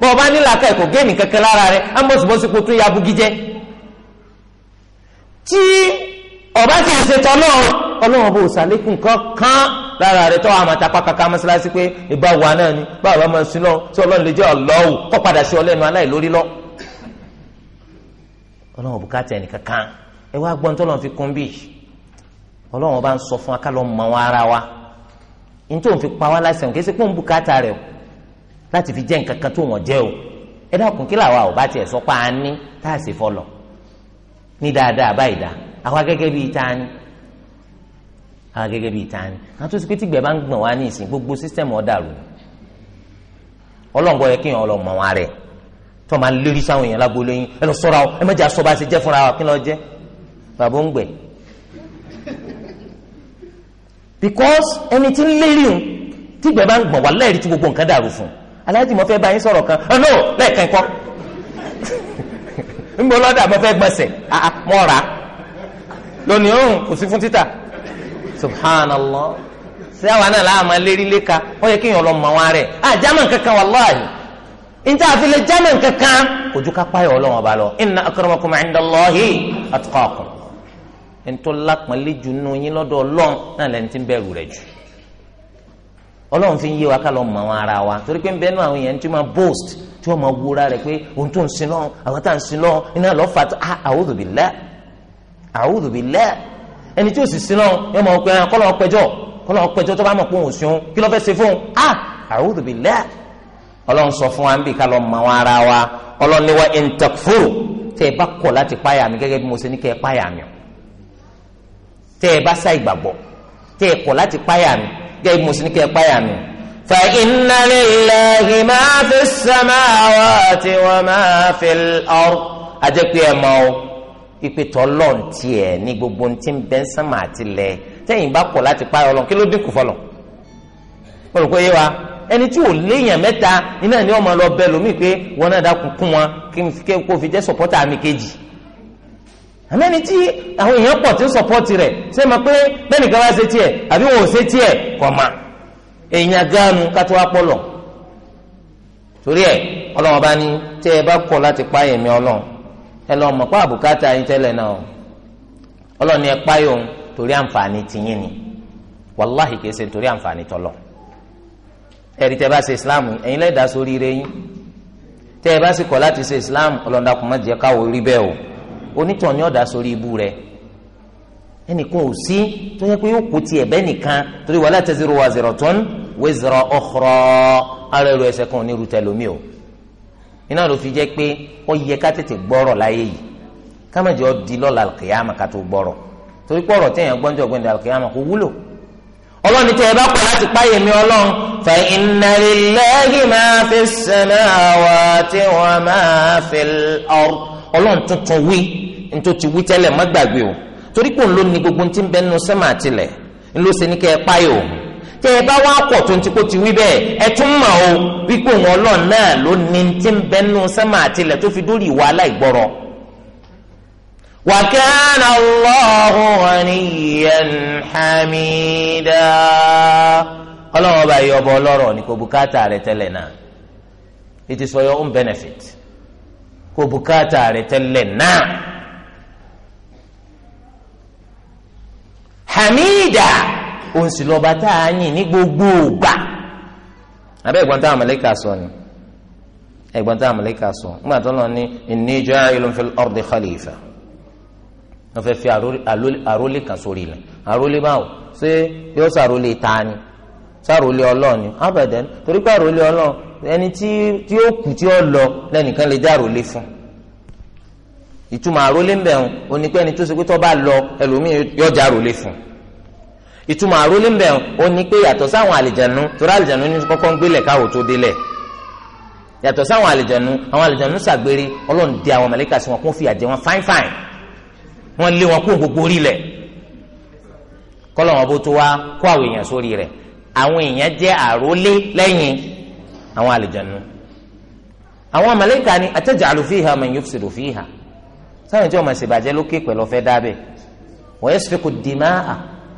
S1: bọ́ ọ bá nílàkà ẹ̀kọ́ gé nìkan kan lára rẹ á mọ̀sibọ́sí kó tún yabugi jẹ́ tí ọba ti ṣe tọ́lọ́ ọlọ́run bó ṣàlékún kankan lára rẹ tó àmọ́ kaka mọ́sálásí pé ìbá wà náà ni báwo bá máa sin lọ tí ọlọ́run lè jẹ́ ọlọ́wù kọ́ padà sí ọlẹ́nu aláìlórí lọ. ọlọ́run bukata ẹnìkan ẹ wá gbọ́n fi kún bí bá ń fún akálọ̀ mọ́ wọn ara wa ní tó ń fi pa wá láṣẹ òun kì í rẹ o láti fi jẹ́ nkankan tó wọ́n o ẹ dákun kí làwa ò bá tiẹ̀ ní tá àwọn gẹ́gẹ́ bíi tani àwọn tó sì pé n'isi bá ń wá ní ìsìn gbogbo sísítẹ́mù ọ̀dàrú ọlọ́ngbọ yẹ kéèyàn ọlọ́mọ wa rẹ tó máa lérí sáwọn èèyàn lágbóló yín ẹ lọ sọ́ra ọ ẹ mẹ́jà sọ ṣe fúnra wa kí lọ jẹ́ bàbá ń because ẹni tí lérí o bá ń wá lẹ́ẹ̀rí tí gbogbo nǹkan dàrú fún un subhanallah ṣé àwa náà láàmú lérí léka ó yẹ kéèyàn lọ mọ wọn rẹ à jámà kankan wàláhì níta àfilẹ̀ jámà kankan kò ju ká páyọ̀ ọlọ́wọ́n ba lọ inna akramakum indallahi atqakum ẹnitọ́ lápọ̀nlé jù nù yín lọ́dọ̀ ọlọ́run náà lẹ́ni tí ń bẹ̀rù rẹ̀ jù ọlọ́run fi ń yé wa ká lọ mọ àwọn ara wa torí pé ń àwọn èèyàn tí wọ́n boast tí wọ́n máa wúra rẹ̀ pé ohun tó ń sin lọ́n àwọn tá ń sin lọ́n iná lọ́ fà á ah, a'udhu billah a'udhu billah ẹni tí ó sì sí náà yóò mọ̀ pé kọ́lọ̀ ọ̀pẹjọ́ kọ́lọ̀ ọ̀pẹjọ́ tó bá mọ̀ pé òun sí òun kí ló fẹ́ ṣe fún un a ah, a'udhu billah ọlọ́run sọ fún wa ń bì ká lọ mọ àwọn ara wa ọlọ́run ní wa in takfuru tẹ́ ẹ bá kọ̀ láti páyà mi gẹ́gẹ́ bí mo ṣe ní kẹ́ ẹ páyà mi tẹ́ ẹ bá sá ìgbàgbọ́ tẹ́ ẹ kọ̀ láti páyà mi gẹ́gẹ́ bí mo ṣe ní kẹ́ ẹ páyà mi. fa inna lillahi ma fi samawati wa ma fil ard ajẹ́ pé ẹ mọ́ ipe tọ́lọ̀ tiẹ̀ ní gbogbo ti ń bẹ́ sánmà àti lẹ̀ tẹ́yìn bá kọ̀ láti páyọ̀ lọ kí ló dínkù fọlọ̀ mo yé wa ẹni tí ò léèyàn mẹ́ta iná ni ọmọ lọ bẹ lómi pé wọn náà dákun kún wọn kí kó fi jẹ́ sọ̀pọ́tà mi kejì àmọ́ ẹni tí àwọn èèyàn pọ̀ tí ń sọ̀pọ́tì rẹ̀ ṣé ma pé bẹ́ẹ̀ nìkan wá ṣe tiẹ̀ àbí wọn ò ṣe tiẹ̀ kọ̀ ma èèyàn gánu kátó wá pọ̀ lọ torí ẹ̀ ọlọ́wọ́n bá ní tẹ́ ẹ bá kọ̀ láti páyẹ̀mí ọlọ́run ẹ lọ mọ̀ pé àbùkátà yín tẹ́lẹ̀ náà ọlọ́ni ẹ páyọ̀ ń torí àǹfààní tìyín ni wàláhì kìí ṣe torí àǹfààní tọ́lọ̀ ẹ̀rí tẹ́ bá ṣe islam ẹ̀yin lẹ́ẹ̀dá sórí ire yín tẹ́ ẹ bá sì kọ̀ láti ṣe islam ọlọ́dàkùn má jẹ́ káwọ́ rí bẹ́ẹ̀ o onítàn ni ọ̀dà sórí ibú rẹ̀ ẹnìkan ò sí tó yẹ pé yóò kú tiẹ̀ bẹ́ẹ̀ nìkan torí wàlá taziru wazratun wizra ukhra ara ẹrù ẹsẹ̀ kan ò ní rú tẹlomi o iná ló fi jẹ́ pé ó yẹ ká tètè gbọ́rọ̀ láyé yìí ká má jẹ́ ó di lọ́la alkiyama ká tó gbọ́rọ̀ torí pé ọ̀rọ̀ téèyàn gbọ́njọ́ gbẹ́ndẹ̀ alkiyama kò wúlò ọlọ́ni tẹ́ ẹ bá kọ̀ láti páyè mi ọlọ́run fa inna lillahi ma fi samawati wa ma fil ard ọlọ́run tuntun wí nítorí ti wí tẹ́lẹ̀ má o torí pé òun ló gbogbo ti ń bẹ́nu sẹ́mà àtìlẹ̀ ńlọ́sẹ̀ tẹ ẹ bá wá pọ̀ tó ń ti kó ti wí bẹ́ẹ̀ ẹ tún mọ̀ o wípé òun ọlọ́run náà ló ní ti ń bẹnu sẹ́mà àtìlẹ̀ tó fi dórí ìwà aláìgbọ́rọ̀. wa kana Allahu ghaniyan hamida ọlọ́run ọba yìí ọba ọlọ́rọ̀ ni kò bùkátà rẹ tẹ́lẹ̀ náà it is for your own benefit kò bùkátà rẹ tẹ́lẹ̀ náà. hamida òun sì lọ́ba tá a yìn ní gbogbo ògbà abẹ́ ẹ̀gbọ́n táwọn mọ̀lẹ́kà sọ ni ẹ̀gbọ́n táwọn mọ̀lẹ́kà sọ nígbà tó lọ ní inni ja'ilun fil ardi khalifa wọ́n fẹ́ fi àrólé kan sórí ilẹ̀ àrólé báwo ṣé yóò ṣàrólé ta ni ṣàrólé ọlọ́ọ̀ni abadan torí pé àrólé ọlọ́ọ̀ ẹni tí ó kù tí ó lọ lẹ́nìkan lè já àrólé fún ìtumọ̀ àrólé ń bẹ̀rùn onípẹ́ni tó ṣe pé tó bá lọ ẹlòmíì yọjà àrólé fún un ìtumọ̀ àrólé ń bẹ̀ ọ́ ní pé yàtọ̀ sáwọn àlìjànú torí àlìjànú ní kọ́kọ́ ń gbélẹ̀ káwọ́ tó délẹ̀ yàtọ̀ sáwọn àlìjànú àwọn àlìjànú ṣàgbére ọlọ́run dè àwọn màlàíkà sí wọn kó fìyà jẹ wọn fáin fáin wọn lé wọn kó gbogbo orí lẹ̀ kọ́lọ̀ wọn bó tó wá kó àwọn èèyàn sórí rẹ̀ àwọn èèyàn jẹ́ àrólé lẹ́yìn àwọn àlìjànú àwọn màlàíkà ni ataj'alu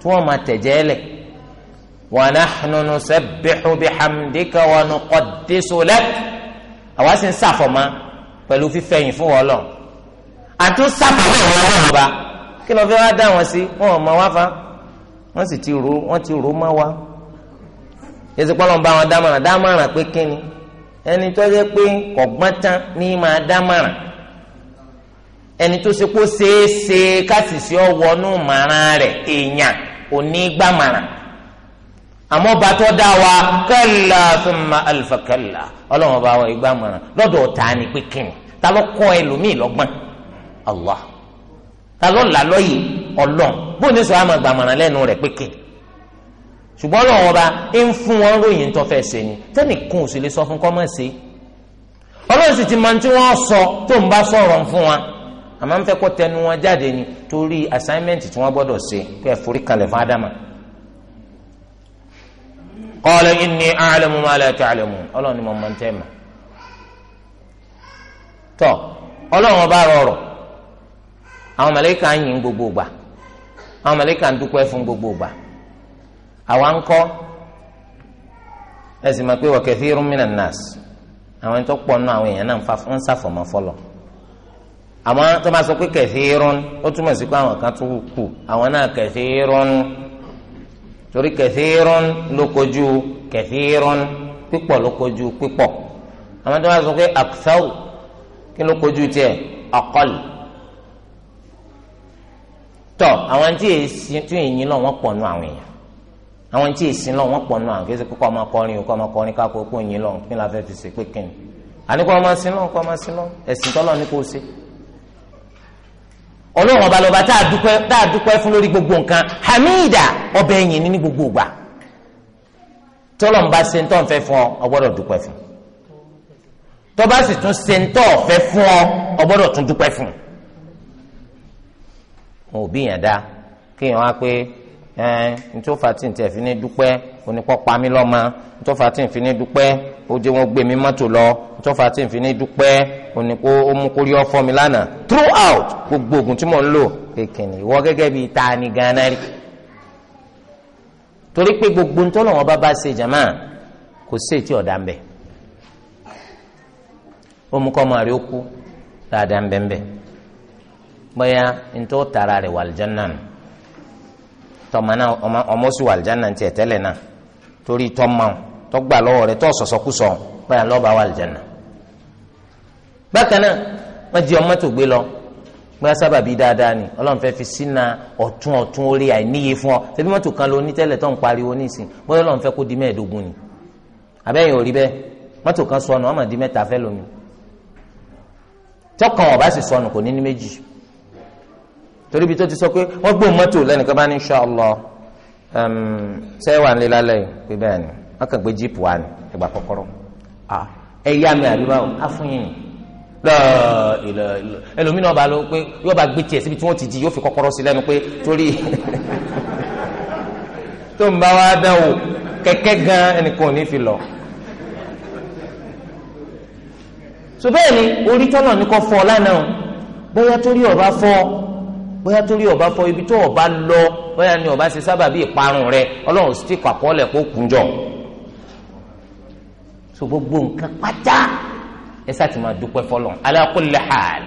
S1: tí wọ́n máa tẹ̀jẹ́ lẹ̀ wa nahnu nusabbihu bihamdika wa nuqaddisu lak àwa sì ń sàfọ̀mọ́ pẹ̀lú fífẹ̀yìn fún wọn lọ àtún sàfọ̀mọ́ ìwọ ọlọ́run ọba kí lọ́ọ́ fi wá dá wọn sí wọn ò mọ wá fa wọ́n sì ti rò wọ́n ti rò má wá èsì pọ́nlọ́n bá wọn dámọ̀ràn dámọ̀ràn pé kíni ẹni tó yẹ pé kọ̀gbọ́n tán ní máa dámọ̀ràn ẹni tó ṣe kó ṣeéṣe káṣìṣe ọwọ́ nù màrán rẹ̀ èèyàn òní gbàmàrà àmọ́ ọba tó dá wa kẹ́là fúnma alifa kẹ́là ọlọ́run ọba wa ìgbàmọ̀ràn lọ́dọ̀ ọ̀tá ni pé kìnnì ta ló kọ́ ẹlòmíì lọ́gbọ́n allah ta ló là lọ́yè ọlọ́run bó ní sọ àmọ́ ìgbàmọ̀ràn lẹ́nu rẹ̀ pé kìnnì ṣùgbọ́n ọlọ́run ọba ń fún wọn ròyìn tó fẹ́ ṣe ni tẹ́nìkan ò sì sọ fún kọ́mọ̀ọ́sì ọlọ́run sì ti máa ń tí wọ́n sọ tó ń bá sọ̀rọ̀ fún wọn àmọ́ n fẹ́ kó tẹnu wọn jáde ni torí assignment tí wọ́n gbọ́dọ̀ ṣe pé ẹ forí kalẹ̀ fún ádámà. ala inni a'lamu ma la ọlọ́run ni mo máa ń tẹ́ ma. tọ́ ọlọ́run ọba rọrọ̀ àwọn màlàíkà ń yìn gbogbo gbà àwọn màlàíkà ń dúpẹ́ fún gbogbo gbà àwa ń kọ́ ẹ sì máa pé àwọn ẹni tó pọ̀ nù àmọ́ tó máa sọ pé kẹfìrún ó túmọ̀ sí pé àwọn kan tó kù àwọn náà kẹfìrún torí kẹfìrún ló kojú kẹfìrún pípọ̀ ló kojú pípọ̀ àmọ́ tó máa sọ pé akthar kí ló kojú tiẹ̀ aqal tọ àwọn tí èsì tí èyí lọ wọ́n pọ̀ nù àwọn èèyàn àwọn tí èsì lọ wọ́n pọ̀ nù àwọn kẹsì kókó ọmọ akọrin òkú ọmọ akọrin káko kó èyí lọ kí n la fẹ́ fi ṣe pé kíni àníkó ọmọ sinú ọkọ ọmọ sinú ẹ̀sìn tọ́lọ̀ ní kò ṣe ọlọ́run ọba lọ́ba tá a dúpẹ́ tá a fún lórí gbogbo nǹkan hamida ọbẹ̀ ẹ̀yìn ní gbogbo ìgbà tọ́lọ́n bá ṣe ń tọ́ fẹ́ fún ọ ọ gbọ́dọ̀ dúpẹ́ fún tọ́ba sì tún ṣe ń tọ́ fẹ́ fún ọ ọ gbọ́dọ̀ tún dúpẹ́ fún wọn ò bí yàn dá kéèyàn wá pé ẹn nítorí fati ntẹ̀ fi ní dúpẹ́ onípọ̀ pami lọ́mọ nítorí fati nfi ní dúpẹ́ ó jẹ́ wọn gbé mi mọ́tò lọ nítorí fati nfi ní dúpẹ́ òní kó o mú ọfọ mi gbogbo ogun tí mò ń lò bi ìwọ gẹ́gẹ́ bíi ta ni rí gbogbo ntọ́lọ̀ wọn bá bá ṣe jama kò sí ètí ọ̀dà ń bẹ̀ ó mú kọ́ kú dáadáa ń bẹ̀ ń bẹ̀ bóyá ntọ́ tara rẹ̀ wà lìjánà tọ́mọ náà ọmọ sì bákan náà wọ́n jí ọmọ tó gbé lọ gbọ́n sábà bíi dáadáa ni ọlọ́run fẹ́ fi sínà ọ̀tún ọ̀tún orí àìníye fún ọ ṣebí mọ́tò kan ló ní tẹ́lẹ̀ tó ń pariwo nísìn bóyá ọlọ́run fẹ́ kó di mẹ́ẹ̀ẹ́dógún ni àbẹ́yìn ò rí bẹ́ẹ̀ mọ́tò kan sọnù ọmọ di mẹ́ta fẹ́ lómi tọkàn ọ̀bá sì sọnù kò ní ní méjì torí ibi tó ti sọ pé wọ́n gbóhùn mọ́tò lẹ́nìkan bá ní inshallah sẹ́wà ń lé lálẹ́ pé bẹ́ẹ̀ ni wọ́n kàn gbé jíìpù wa ni ẹgbà kọ́kọ́rọ́ ẹ̀yà mi àbí báwo á fún yín ni lọ́ọ̀lọ́ ẹlòmínú ọba ló pé yóò bá gbé tiẹ̀ síbi tí wọ́n ti di yóò fi kọ́kọ́rọ́ sí lẹ́nu pé torí tó ń bá wa dán o kẹ̀kẹ́ gan ẹnìkan ò ní fi lọ. ṣùgbọ́n ẹni orí tọ́nà ní kò fọ́ ọ lánàá bóyá torí ọba fọ́ bóyá torí ọba fọ́ ibi tó ọba lọ bóyá ni ọba ṣe sábàbí ìparun rẹ ọlọ́run sì ti kọ́ àkọọ́lẹ̀ kó kùn jọ. so gbogbo nǹkan pátá ẹ sá ti máa dúpẹ́ fọlọ́ ala kulli hal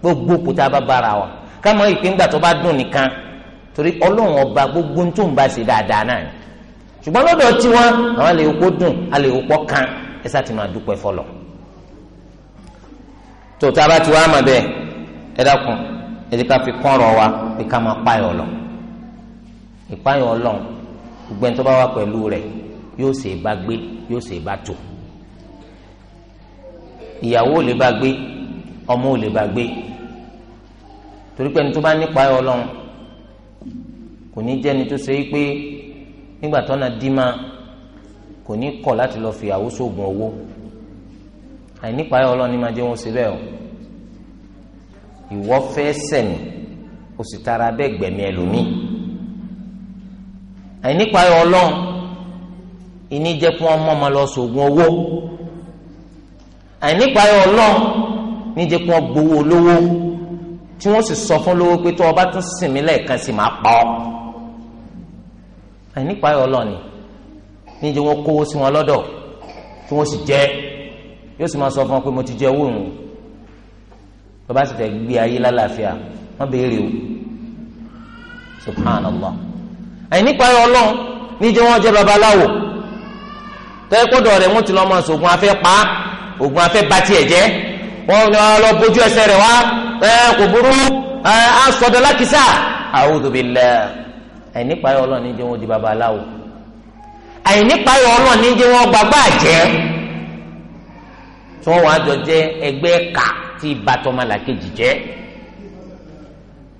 S1: gbogbo kùtà bá bára wa kámọ́ ìpín gbà tó bá dùn nìkan torí ọlọ́run ọba gbogbo tó ń bá ṣe dáadáa náà ni ṣùgbọ́n lọ́dọ̀ tiwọn àwọn àlè òpó dùn àlè òpó kan ẹ sá ti máa dúpẹ́ fọlọ́ tó tá a bá ti wá mà bẹ́ẹ̀ ẹ dákun ẹ jẹ́ ká fi kọ́ ọ̀rọ̀ wa pé ká máa páyọ̀ lọ ìpáyọ̀ ọlọ́run gbogbo ẹni tó bá wà pẹ̀lú rẹ̀ yóò ṣe é bá gbé yóò ṣe é bá tò ìyàwó ò lè bá gbé ọmọ ò lè bá gbé torí pé ẹni tó bá nípa ẹ Ọlọ́run kò ní jẹ́ ẹni tó ṣe pé nígbà tó na dí máa kò ní kọ̀ láti lọ fìyàwó sóògùn owó àìnípa ẹ Ọlọ́run ni máa jẹ́ wọn ṣe bẹ́ẹ̀ o ìwọ fẹ́ sẹ̀mí o sì tara bẹ́ẹ̀ gbẹ̀mí ẹlòmíì àìnípa ẹ Ọlọ́run ìní jẹ́ kí wọ́n mọ́ ọmọ lọ sóògùn owó àìnípayọ Ọlọ́run níjẹ kí wọn gbowó olówó tí wọn sì sọ fún lówó pé tó o bá tún sìn mí lẹ́ẹ̀kan sì máa pa ọ àìnípayọ Ọlọ́run ni níjẹ wọn kówó sí wọn lọ́dọ̀ tí wọn sì jẹ yóò sì máa sọ fún wọn pé mo ti jẹ owó òun bàbá sì fẹ́ gbé ayé lálàáfíà wọn béèrè o subhanallah àìnípayọ Ọlọ́run níjẹ wọn jẹ babaláwo tẹ́ kó dọ̀ rẹ̀ wọ́n ti lọ́ máa sògùn afẹ́ pa á oògùn afẹ́ bá tiẹ̀ jẹ́ wọ́n lọ bójú ẹsẹ̀ rẹ̀ wá ẹ kò burú ẹ asọ̀dọ̀ lákìsà a'udhu billah àìnípayọ̀ ọlọ́run ní jẹ́ wọn di babaláwo àìnípayọ̀ ọlọ́run ní jẹ́ wọn gbàgbà jẹ́ tí wọ́n wàá jọ jẹ́ ẹgbẹ́ ẹ̀ka tí ìbátọ́mọlàkejì jẹ́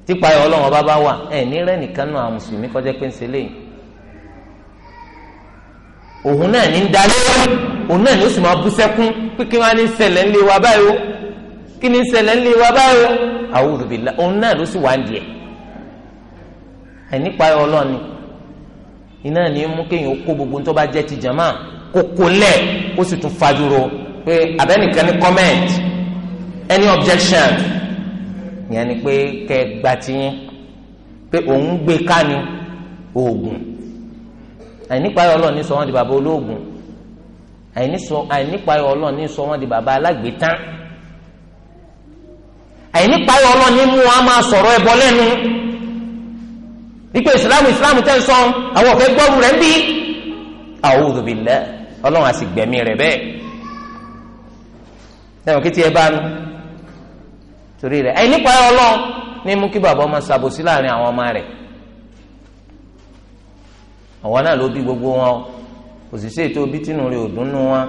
S1: típayọ̀ ọlọ́run ọba bá wà ẹ̀ ní rẹ́ nìkan náà àwọn mùsùlùmí kọjá pé ń ṣe léyìí òun náà ní dalé lórí òun náà ní ó sì máa bú sẹ́kún pé kí wọ́n á ní ṣẹlẹ̀ ńlẹ̀ wa báyìí o kí ni ṣẹlẹ̀ ńlẹ̀ wa báyìí o a'udhu billah òun náà ló sì wá ń diẹ àìnípa ọlọ́ni iná ní mú kéèyàn kó gbogbo tó bá jẹ́ ti jàmá kókó lẹ̀ ó sì tún fajúro pé abẹ́nìkan ní comment any objection yẹn ni pé kẹ́ gbàtí yín pé òun gbé ká ní oògùn àìnípayọ Ọlọ́run ní sọ wọn di bàbá olóògùn àìnípayọ Ọlọ́run ní sọ wọn di bàbá alágbèétán àìnípayọ Ọlọ́run ní mú wọn máa sọ̀rọ̀ ẹbọ lẹ́nu wípé ìsìlámù ìsìlámù tẹ́ ń sọ àwọn ọ̀fẹ́ gbọ́rù rẹ̀ ń bí a'udhu billah Ọlọ́run àti gbẹ̀mí rẹ̀ bẹ́ẹ̀ sẹ́wọ̀n kí tiẹ̀ bá nu torí rẹ̀ àìnípayọ Ọlọ́run ní mú kí bàbá ọmọ ṣàbòsí láàrin àwọn ọmọ rẹ̀ àwọn náà ló bí gbogbo wọn òṣìṣẹ́ ètò bí tínú rẹ̀ ò dùnnú wọn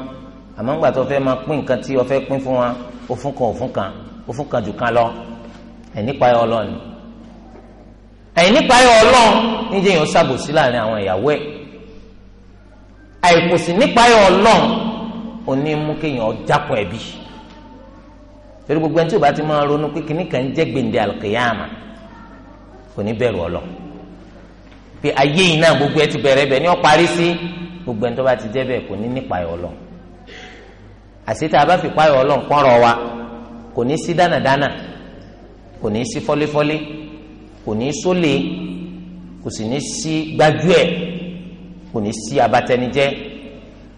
S1: àmọ́ ńgbà tó fẹ́ máa pín nǹkan tí o fẹ́ pín fún wọn ó fún kan ó fún kan ó fún kan jù kan lọ ẹ̀nípa ẹ̀ ọlọ́ọ̀ni ẹ̀nípa ẹ̀ ọlọ́ọ̀n níjẹ́ yẹn ó ṣàbòsí láàrin àwọn ìyàwó ẹ̀ àìkòsí nípa ẹ̀ ọlọ́ọ̀n ó ní mú kéèyàn ó jákun ẹ̀bí torí gbogbo ẹni tí ò bá ti máa ronú pé kìnnìkan jẹ́ gbèǹde àlùkìyàmà kò ní bẹ̀rù ọlọ́ọ̀ pé ayé yìí náà gbogbo ẹ ti bẹ̀rẹ̀ bẹ̀ ni ó parí sí gbogbo ẹni tó bá ti jẹ́ bẹ́ẹ̀ kò ní nípa ẹ̀ ọlọ́ àṣetà a bá fi pa ẹ̀ ọlọ́ kọ́rọ̀ wa kò ní sí dánàdánà kò ní sí fọ́léfọ́lé kò ní sólè kò sì ní sí gbájúẹ̀ kò ní sí abatẹnijẹ́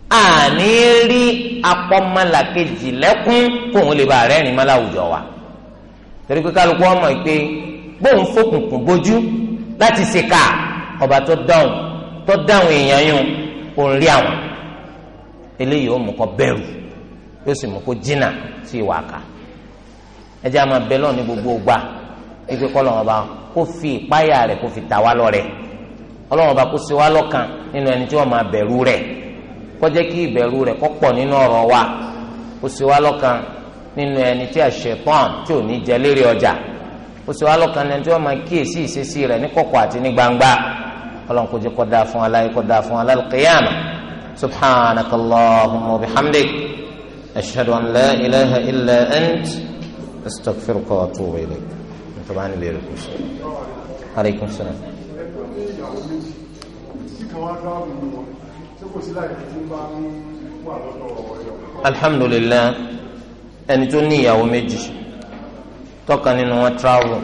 S1: àní rí apọ́mọlàkejì lẹ́kún kóun lè ba rẹ́rìn má láwùjọ wa torí pé kálukú ọmọ ìpè bóun fòkùnkùn bójú láti ṣèkà. ọba tó dáhùn tó dáhùn èèyàn rí àwọn eléyìí ó mú kọ bẹ̀rù yóò sì mú kó jìnnà sí ìwà àkà ní gbogbo ọgbà ipe kọlọ́n ọba kó fi ìpáyà rẹ kó fi tà wá lọ́rẹ ọlọ́run ọba kó wá nínú ẹni tí máa wa kó wá nínú ẹni tí tí ò ọjà kó wá nínú ẹni tí máa kíyèsí ọlọ́run kò jẹ́ kó dáa fún aláyé kó dáa fún alálùkìyàmà subhanaka allahumma wa bihamdik ashhadu an la ilaha illa ant astaghfiruka wa atubu ilayk nítorí wọn bèrè kò sí. aleykum salaam. alhamdulilayi ẹni tó ní ìyàwó méjì tọ́ka nínú wọn travel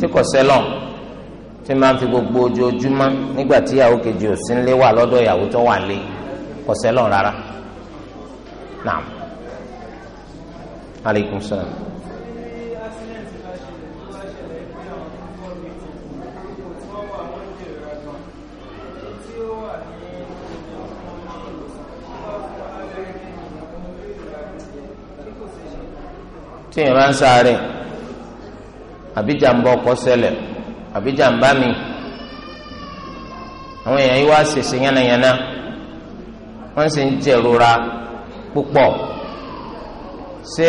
S1: sí kò sẹ́lọ̀n tí máa ń fi gbogbo ojoojúmọ́ nígbà tí ìyàwó kejì ò sí nílé wà lọ́dọ̀ ìyàwó tó wà lé kò sẹ́lọ̀ rárá naam aleykum salaam. tí ìyẹn bá ń sáré àbíjà ń bọ́ ọkọ sẹ́lẹ̀ àbí jàǹbá mi àwọn èèyàn yìí wá ṣèṣe yánnayànna wọ́n sì ń jẹ̀rora púpọ̀ ṣé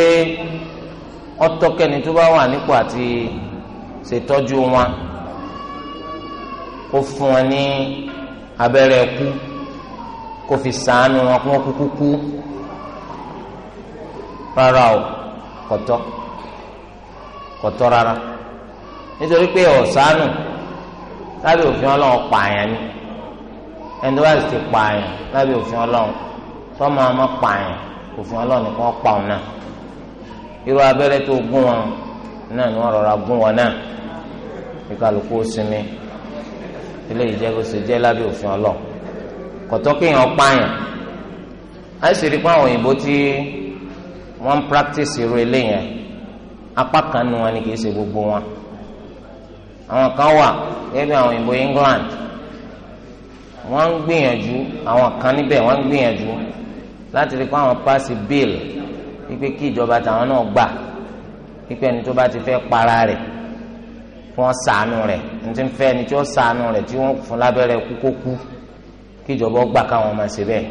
S1: ọtọ́kẹ́ni tó bá wà nípò àti ṣètọ́jú wọn kó fún wọn ní abẹ́rẹ́ kú kó fi sàánú wọn kó wọn kúkú kú rárá o kọ̀tọ́ kọ̀tọ́ rárá nítorí pé ọ̀sánù lábẹ́ òfin ọlọ́run pààyàn ni ẹni tó bá sì ti pààyàn lábẹ́ òfin ọlọ́run tọ́mọ ọmọ pààyàn òfin ọlọ́run nìkan pa òun náà irú abẹ́rẹ́ tó gún wọn náà ni wọ́n rọra gún wọn náà ìkàlùkù sinmi eléyìí jẹ́ bó ṣe jẹ́ lábẹ́ òfin ọlọ́run kọ̀tọ́ kéèyàn pààyàn á sì rí pé àwọn òyìnbó tí wọ́n ń practice irú eléyìí apá kan nu wọn ni kì í ṣe gbogbo wọn àwọn kan wà gẹ́gẹ́ àwọn òyìnbó England wọ́n ń gbìyànjú àwọn kan níbẹ̀ wọ́n ń gbìyànjú láti rí i pé àwọn paasi bill wípé kí ìjọba tàwọn náà gbà wípé ẹni tó bá ti fẹ́ para rẹ̀ fún wọn ṣàánú rẹ̀ ní ti ń fẹ́ ẹni tí wọ́n ṣàánú rẹ̀ tí wọ́n fún lábẹ́rẹ́ kúkó kú kí ìjọba gbà káwọn máa ṣe bẹ́ẹ̀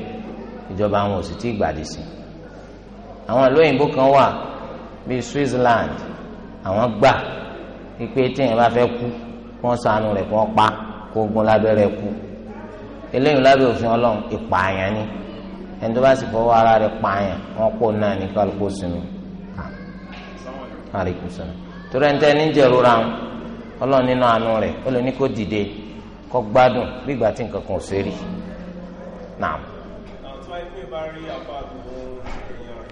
S1: ìjọba àwọn ò sì tí ì gbàdì sí àwọn ìlú òyìnbó kan wà bíi Switzerland àwọn gbà ipe téèyàn bá fẹ́ kú wọ́n sànù rẹ̀ kó wọ́n pa kó gun lábẹ́rẹ́ kú eléyìí lábẹ́ òfin ọlọ́run ìpààyàn ni ẹni tó bá sì fọwọ́ ara rẹ̀ pààyàn wọ́n kó náà ní kálukú sinmi àríkùsọ̀nà torí ẹni tẹ́ ní jẹ̀rora ń ọlọ́run nínú àánú rẹ̀ ó lè ní kó dìde kó gbádùn bí ìgbà tí nǹkan kan ò sẹ́rì náà. àtúwá ìpè bá rí àbá àdúgbò èèyàn ló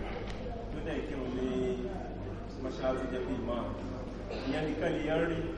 S1: dẹ̀ kí n jẹ́ bí ìmáà.
S2: Ya ni calientas ni...